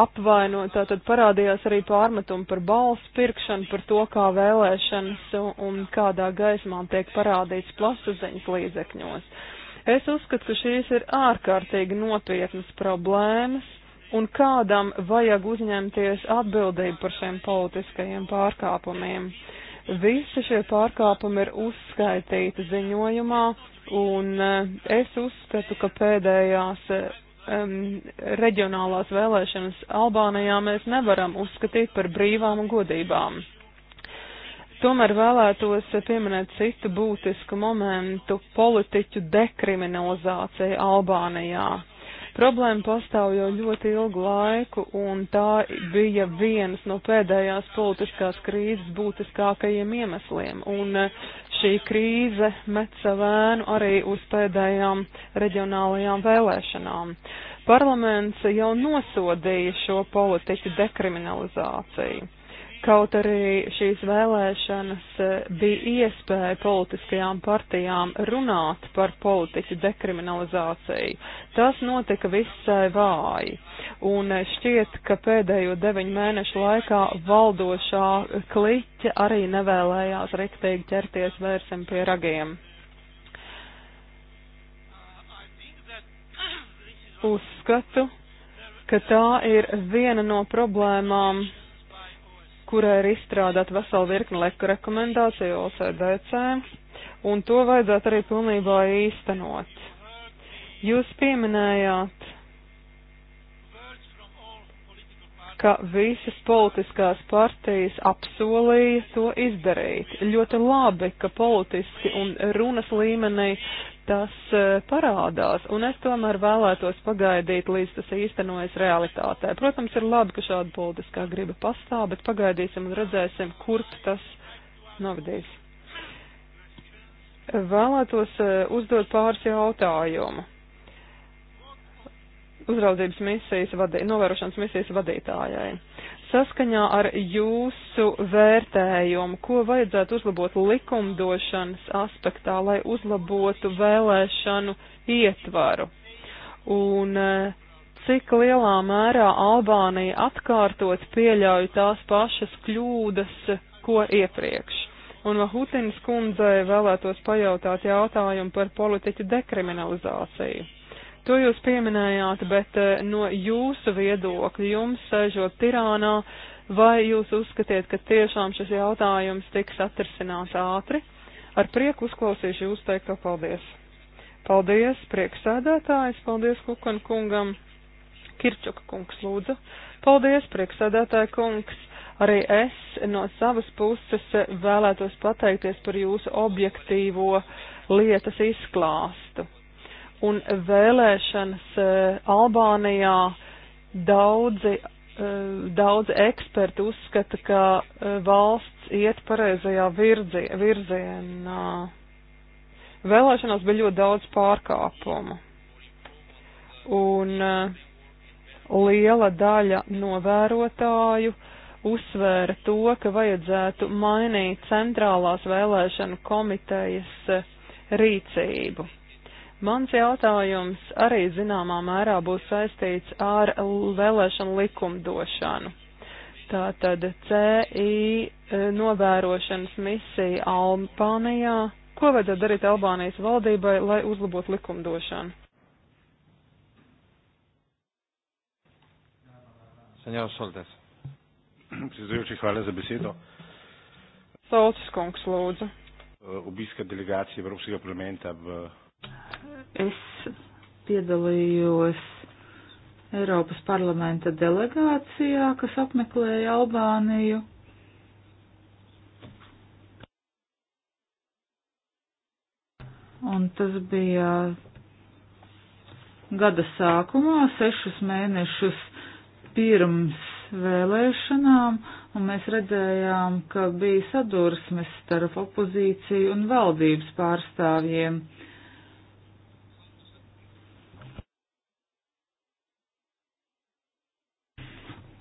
apvainot, tātad parādījās arī pārmetumi par balsu pirkšanu, par to, kā vēlēšanas un kādā gaismā tiek parādīts plašsaziņas līdzekņos. Es uzskatu, ka šīs ir ārkārtīgi nopietnas problēmas, un kādam vajag uzņemties atbildību par šiem politiskajiem pārkāpumiem. Visi šie pārkāpumi ir uzskaitīti ziņojumā, un eh, es uzskatu, ka pēdējās um, reģionālās vēlēšanas Albānijā mēs nevaram uzskatīt par brīvām un godībām. Tomēr vēlētos pieminēt citu būtisku momentu - politiķu dekriminalizācija Albānijā. Problēma pastāv jau ļoti ilgu laiku, un tā bija vienas no pēdējās politiskās krīzes būtiskākajiem iemesliem. Un eh, šī krīze met savēnu arī uz pēdējām reģionālajām vēlēšanām. Parlaments jau nosodīja šo politiķu dekriminalizāciju. Kaut arī šīs vēlēšanas eh, bija iespēja politiskajām partijām runāt par politiķu dekriminalizāciju, tas notika visai vāji. Un eh, šķiet, ka pēdējo deviņu mēnešu laikā valdošā kliķa arī nevēlējās riktīgi ķerties vērsim pie ragiem. Uzskatu, ka tā ir viena no problēmām kurai ir izstrādāt veselu virkni leku rekomendāciju OCDC, un to vajadzētu arī pilnībā īstenot. Jūs pieminējāt ka visas politiskās partijas apsolīja to izdarīt. Ļoti labi, ka politiski un runas līmenī tas e, parādās, un es tomēr vēlētos pagaidīt, līdz tas īstenojas realitātē. Protams, ir labi, ka šāda politiskā griba pastāv, bet pagaidīsim un redzēsim, kur tas novadīs. Vēlētos e, uzdot pāris jautājumu uzraudzības misijas, vadī, novērošanas misijas vadītājai. Saskaņā ar jūsu vērtējumu, ko vajadzētu uzlabot likumdošanas aspektā, lai uzlabotu vēlēšanu ietvaru? Un eh, cik lielā mērā Albānija atkārtot pieļauj tās pašas kļūdas, ko iepriekš? un Vahutinas kundzei vēlētos pajautāt jautājumu par politiķu dekriminalizāciju. To jūs pieminējāt, bet eh, no jūsu viedokļa jums sežot Tirānā, vai jūs uzskatiet, ka tiešām šis jautājums tiks atrasināts ātri? Ar prieku uzklausīšu jūs teikto paldies. Paldies, prieksēdētājs, paldies Kukan kungam. Kirčuka kungs lūdzu. Paldies, prieksēdētāja kungs. Arī es no savas puses vēlētos pateikties par jūsu objektīvo lietas izklāstu un vēlēšanas eh, Albānijā daudzi, eh, daudzi eksperti uzskata, ka eh, valsts iet pareizajā virzi, virzienā. Vēlēšanās bija ļoti daudz pārkāpumu. Un liela daļa novērotāju uzsvēra to, ka vajadzētu mainīt centrālās vēlēšanu komitejas rīcību Mans jautājums arī zināmā mērā būs saistīts ar vēlēšanu likumdošanu. Tātad CI e, novērošanas misija Albānijā. Ko vajadzētu darīt Albānijas valdībai, lai uzlabotu likumdošanu? Senjora Soldes. Predsedujoči, hvala za besedo. Solces kungs, lūdzu. E, Obiska delegācija Evropskega parlamenta v es piedalījos Eiropas parlamenta delegācijā, kas apmeklēja Albāniju. Un tas bija gada sākumā, sešus mēnešus pirms vēlēšanām, un mēs redzējām, ka bija sadursmes starp opozīciju un valdības pārstāvjiem. Uh,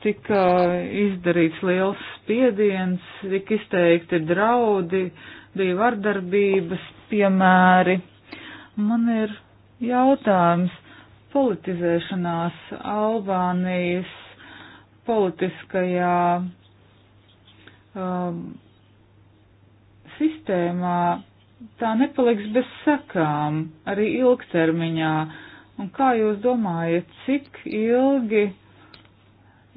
tika izdarīts liels spiediens, tika izteikti draudi, bija vardarbības piemēri. Man ir jautājums politizēšanās Albānijas politiskajā um, sistēmā. Tā nepaliks bez sekām arī ilgtermiņā. Un kā jūs domājat, cik ilgi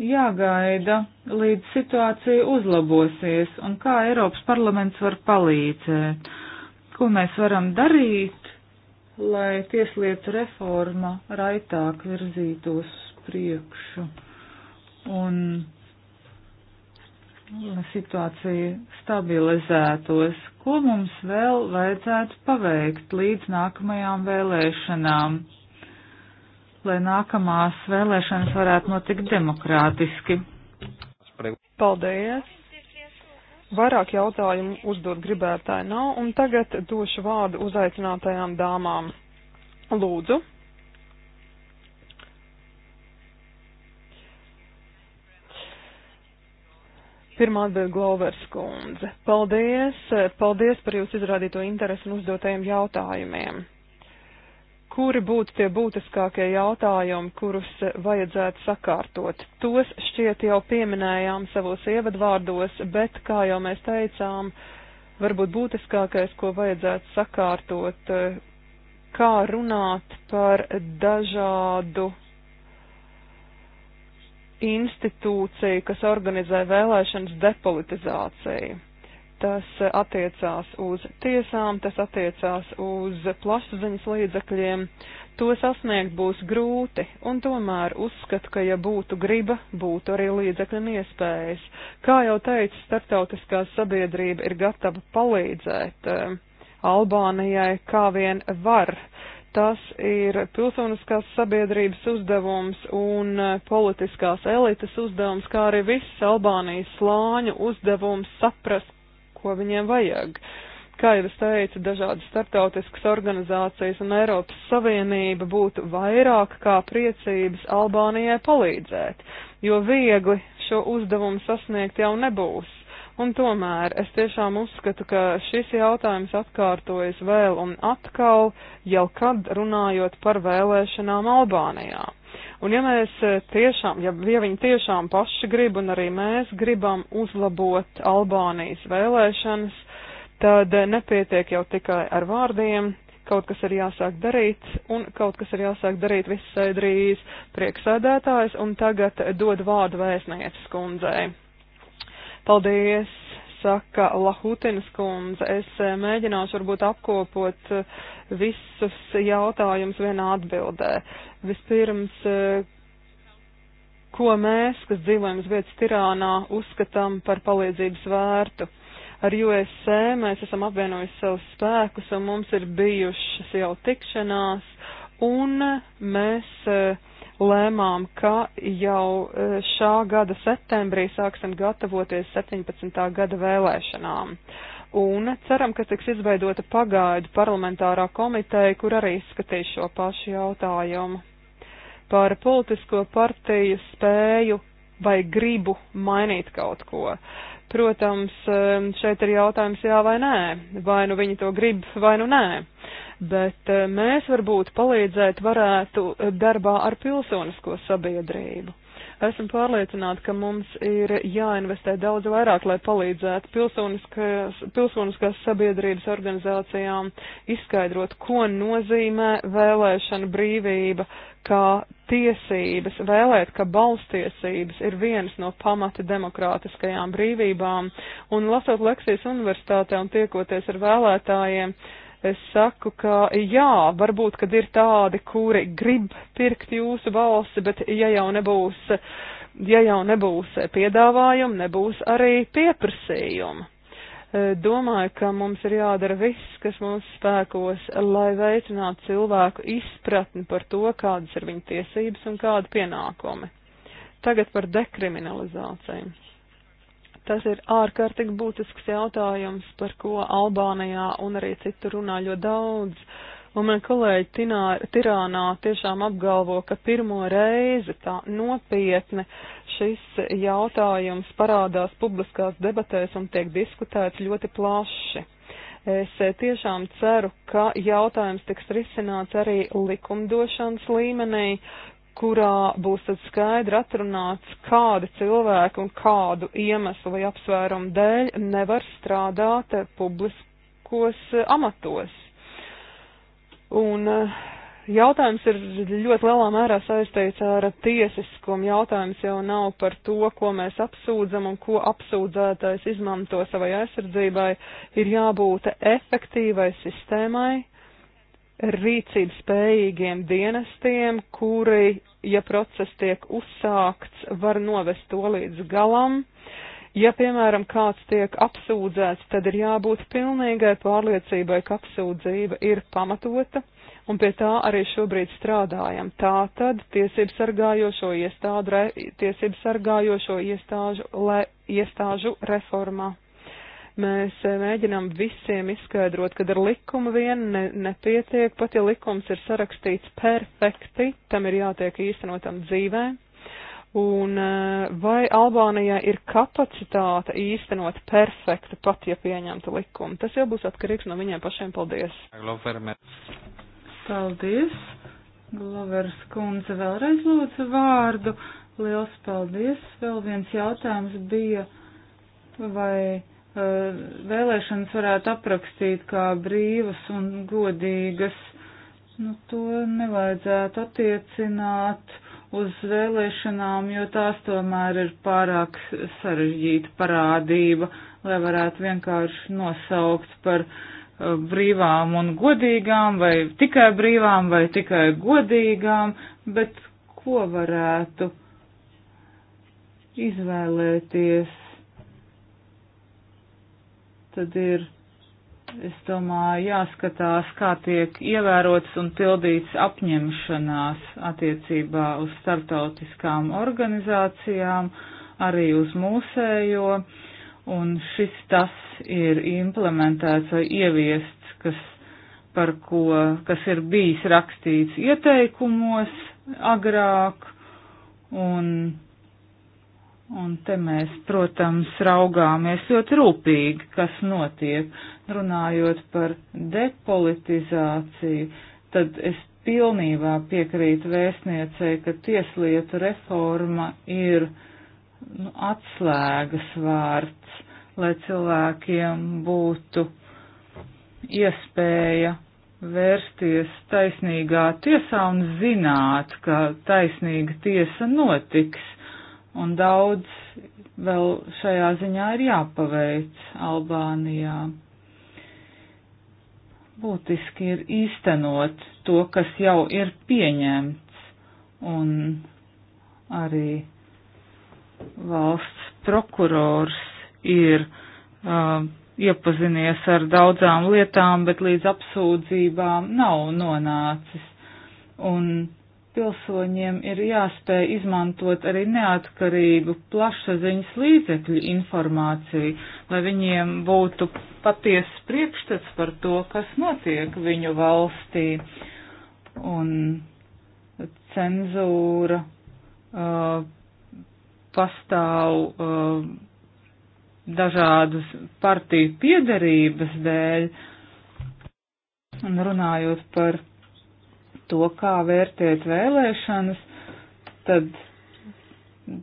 jāgaida, līdz situācija uzlabosies un kā Eiropas parlaments var palīdzēt. Ko mēs varam darīt, lai tieslietu reforma raitāk virzītos priekšu un situācija stabilizētos. Ko mums vēl vajadzētu paveikt līdz nākamajām vēlēšanām? lai nākamās vēlēšanas varētu notikt demokrātiski. Paldies! Vairāk jautājumu uzdot gribētāji nav, un tagad došu vārdu uzaicinātajām dāmām. Lūdzu! Pirmā atbild Glovers kundze. Paldies, paldies par jūsu izrādīto interesi un uzdotajiem jautājumiem kuri būtu tie būtiskākie jautājumi, kurus vajadzētu sakārtot. Tos šķiet jau pieminējām savos ievadvārdos, bet, kā jau mēs teicām, varbūt būtiskākais, ko vajadzētu sakārtot, kā runāt par dažādu institūciju, kas organizē vēlēšanas depolitizāciju. Tas attiecās uz tiesām, tas attiecās uz plašsaziņas līdzakļiem. To sasniegt būs grūti, un tomēr uzskatu, ka ja būtu griba, būtu arī līdzekļu un iespējas. Kā jau teicu, starptautiskā sabiedrība ir gatava palīdzēt uh, Albānijai, kā vien var. Tas ir pilsoniskās sabiedrības uzdevums un eh, politiskās elites uzdevums, kā arī viss Albānijas slāņu uzdevums saprast, ko viņiem vajag. Kā jau es teicu, dažādas startautiskas organizācijas un Eiropas Savienība būtu vairāk kā priecības Albānijai palīdzēt, jo viegli šo uzdevumu sasniegt jau nebūs. Un tomēr es tiešām uzskatu, ka šis jautājums atkārtojas vēl un atkal, jau kad runājot par vēlēšanām Albānijā. Un ja mēs eh, tiešām, ja, ja viņi tiešām paši grib un arī mēs gribam uzlabot Albānijas vēlēšanas, tad eh, nepietiek jau tikai ar vārdiem, kaut kas ir jāsāk darīt, un kaut kas ir jāsāk darīt visai drīz prieksēdētājs, un tagad dod vārdu vēstnieces kundzei. Paldies! saka Lahutinas kundze. Es eh, mēģināšu varbūt apkopot eh, visus jautājumus vienā atbildē. Vispirms, eh, ko mēs, kas dzīvojam uz vietas Tirānā, uzskatām par palīdzības vērtu? Ar USA mēs esam apvienojuši savus spēkus un mums ir bijušas jau tikšanās un mēs uh, lēmām, ka jau e, šā gada septembrī sāksim gatavoties 17. gada vēlēšanām. Un ceram, ka tiks izveidota pagaidu parlamentārā komiteja, kur arī izskatīs šo pašu jautājumu par politisko partiju spēju vai gribu mainīt kaut ko. Uh, Protams, šeit ir jautājums jā vai nē, vai nu viņi to grib vai nu nē. Bet mēs varbūt palīdzēt varētu darbā ar pilsonisko sabiedrību. Esmu pārliecināta, ka mums ir jāinvestē daudz vairāk, lai palīdzētu pilsoniskās, pilsoniskās sabiedrības organizācijām izskaidrot, ko nozīmē vēlēšana brīvība, kā tiesības, vēlēt, ka balstiesības ir vienas no pamata demokrātiskajām brīvībām, un lasot leksijas universitātē un tiekoties ar vēlētājiem, uh, es saku, ka jā, varbūt, kad ir tādi, kuri grib pirkt jūsu balsi, bet ja jau nebūs, ja jau nebūs piedāvājumu, nebūs arī pieprasījumu. E, domāju, ka mums ir jādara viss, kas mūsu spēkos, lai veicinātu cilvēku izpratni par to, kādas ir viņa tiesības un kāda pienākumi. Tagad par dekriminalizāciju. Tas ir ārkārtīgi būtisks jautājums, par ko Albānijā un arī citu runā ļoti daudz. Un man kolēģi tinā, Tirānā tiešām apgalvo, ka pirmo reizi tā nopietni šis jautājums parādās publiskās debatēs un tiek diskutēts ļoti plaši. Es tiešām ceru, ka jautājums tiks risināts arī likumdošanas līmenī, kurā būs tad skaidri atrunāts, kādi cilvēki un kādu iemeslu vai apsvērumu dēļ nevar strādāt publiskos eh, amatos. Un eh, jautājums ir ļoti lielā mērā saistīts ar tiesiskumu. Jautājums jau nav par to, ko mēs apsūdzam un ko apsūdzētais izmanto savai aizsardzībai. Ir jābūt efektīvai sistēmai, rīcības spējīgiem dienestiem, kuri, ja process tiek uzsākts, var novest to līdz galam. Ja, piemēram, kāds tiek apsūdzēts, tad ir jābūt pilnīgai pārliecībai, ka apsūdzība ir pamatota, un pie tā arī šobrīd strādājam. Tā tad tiesību sargājošo iestādu, re, tiesību sargājošo iestāžu, le, iestāžu reformā. Mēs eh, mēģinām visiem izskaidrot, ka ar likumu vien ne, nepietiek, pat ja likums ir sarakstīts perfekti, tam ir jātiek īstenotam dzīvē. Un eh, vai Albānijai ir kapacitāte īstenot perfektu pat, ja pieņemtu likumu? Tas jau būs atkarīgs no viņiem pašiem. Paldies! Paldies! Glovers kundze vēlreiz lūdzu vārdu. Liels paldies! Vēl viens jautājums bija, vai Eh, vēlēšanas varētu aprakstīt kā brīvas un godīgas, nu to nevajadzētu attiecināt uz vēlēšanām, jo tās tomēr ir pārāk sarežģīta parādība, lai varētu vienkārši nosaukt par eh, brīvām un godīgām, vai tikai brīvām, vai tikai godīgām, bet ko varētu izvēlēties tad ir, es domāju, jāskatās, kā tiek ievērots un pildīts apņemšanās attiecībā uz startautiskām organizācijām, arī uz mūsējo, un šis tas ir implementēts vai ieviests, kas par ko, kas ir bijis rakstīts ieteikumos agrāk, un Un te mēs, protams, raugāmies ļoti rūpīgi, kas notiek. Runājot par depolitizāciju, tad es pilnībā piekrītu vēstniecei, ka tieslietu reforma ir nu, atslēgas vārds, lai cilvēkiem būtu iespēja vērsties taisnīgā tiesā un zināt, ka taisnīga tiesa notiks un daudz vēl šajā ziņā ir jāpaveic Albānijā. Būtiski ir īstenot to, kas jau ir pieņemts, un arī valsts prokurors ir uh, iepazinies ar daudzām lietām, bet līdz apsūdzībām nav nonācis. Un pilsoņiem ir jāspēj izmantot arī neatkarīgu plašsaziņas līdzekļu informāciju, lai viņiem būtu patiesa priekšstats par to, kas notiek viņu valstī. Un cenzūra uh, pastāv uh, dažādas partiju piedarības dēļ. Un runājot par to, kā vērtēt vēlēšanas, tad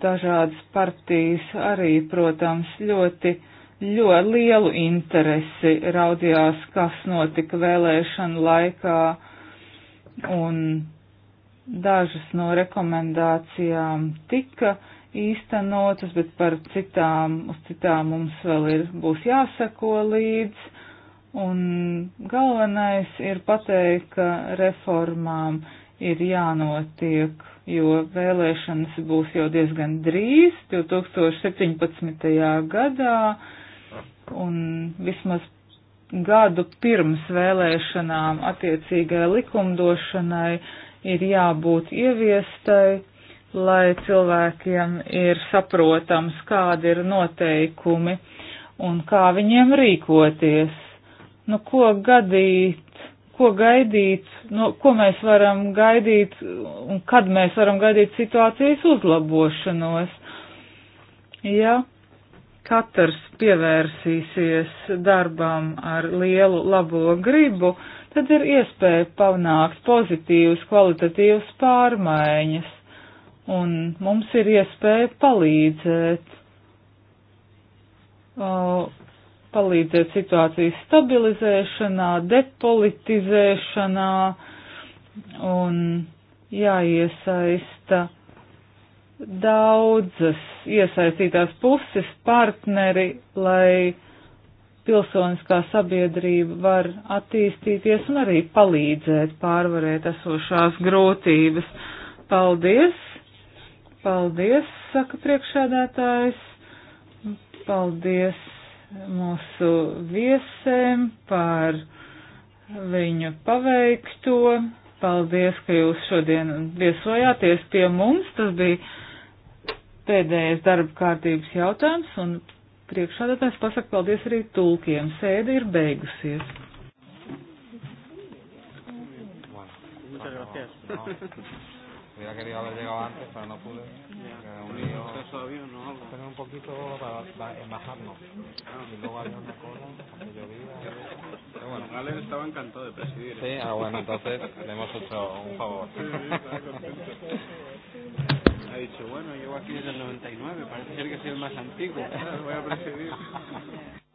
dažādas partijas arī, protams, ļoti, ļoti lielu interesi raudzījās, kas notika vēlēšanu laikā, un dažas no rekomendācijām tika īstenotas, bet par citām, uz citām mums vēl ir, būs jāseko līdzi Un galvenais ir pateikt, ka reformām ir jānotiek, jo vēlēšanas būs jau diezgan drīz, 2017. gadā, un vismaz gadu pirms vēlēšanām attiecīgai likumdošanai ir jābūt ieviestai, lai cilvēkiem ir saprotams, kādi ir noteikumi un kā viņiem rīkoties nu ko gadīt, ko gaidīt, no, nu, ko mēs varam gaidīt un kad mēs varam gaidīt situācijas uzlabošanos. Ja katrs pievērsīsies darbam ar lielu labo gribu, tad ir iespēja panākt pozitīvas, kvalitatīvas pārmaiņas, un mums ir iespēja palīdzēt. Uh, palīdzēt situācijas stabilizēšanā, depolitizēšanā un jāiesaista daudzas iesaistītās puses partneri, lai pilsoniskā sabiedrība var attīstīties un arī palīdzēt pārvarēt esošās grūtības. Paldies! Paldies, saka priekšēdētājs. Paldies mūsu viesēm par viņu paveikto. Paldies, ka jūs šodien viesojāties pie mums. Tas bija pēdējais darba kārtības jautājums, un priekšādātājs pasaka paldies arī tulkiem. Sēde ir beigusies. Muchas gracias. Hubiera querido haber llegado antes, pero no pude. Yeah. Un lío. ¿Acceso avión o algo? Tener un poquito para embajarnos. Y luego había una cola, que llovía. Pero bueno. Galen estaba encantado de presidir. ¿eh? Sí, ah, bueno, entonces le hemos hecho un favor. Sí, sí, está contento ha dicho, bueno, llevo aquí desde el 99, parece ser que soy el más antiguo, voy a presidir.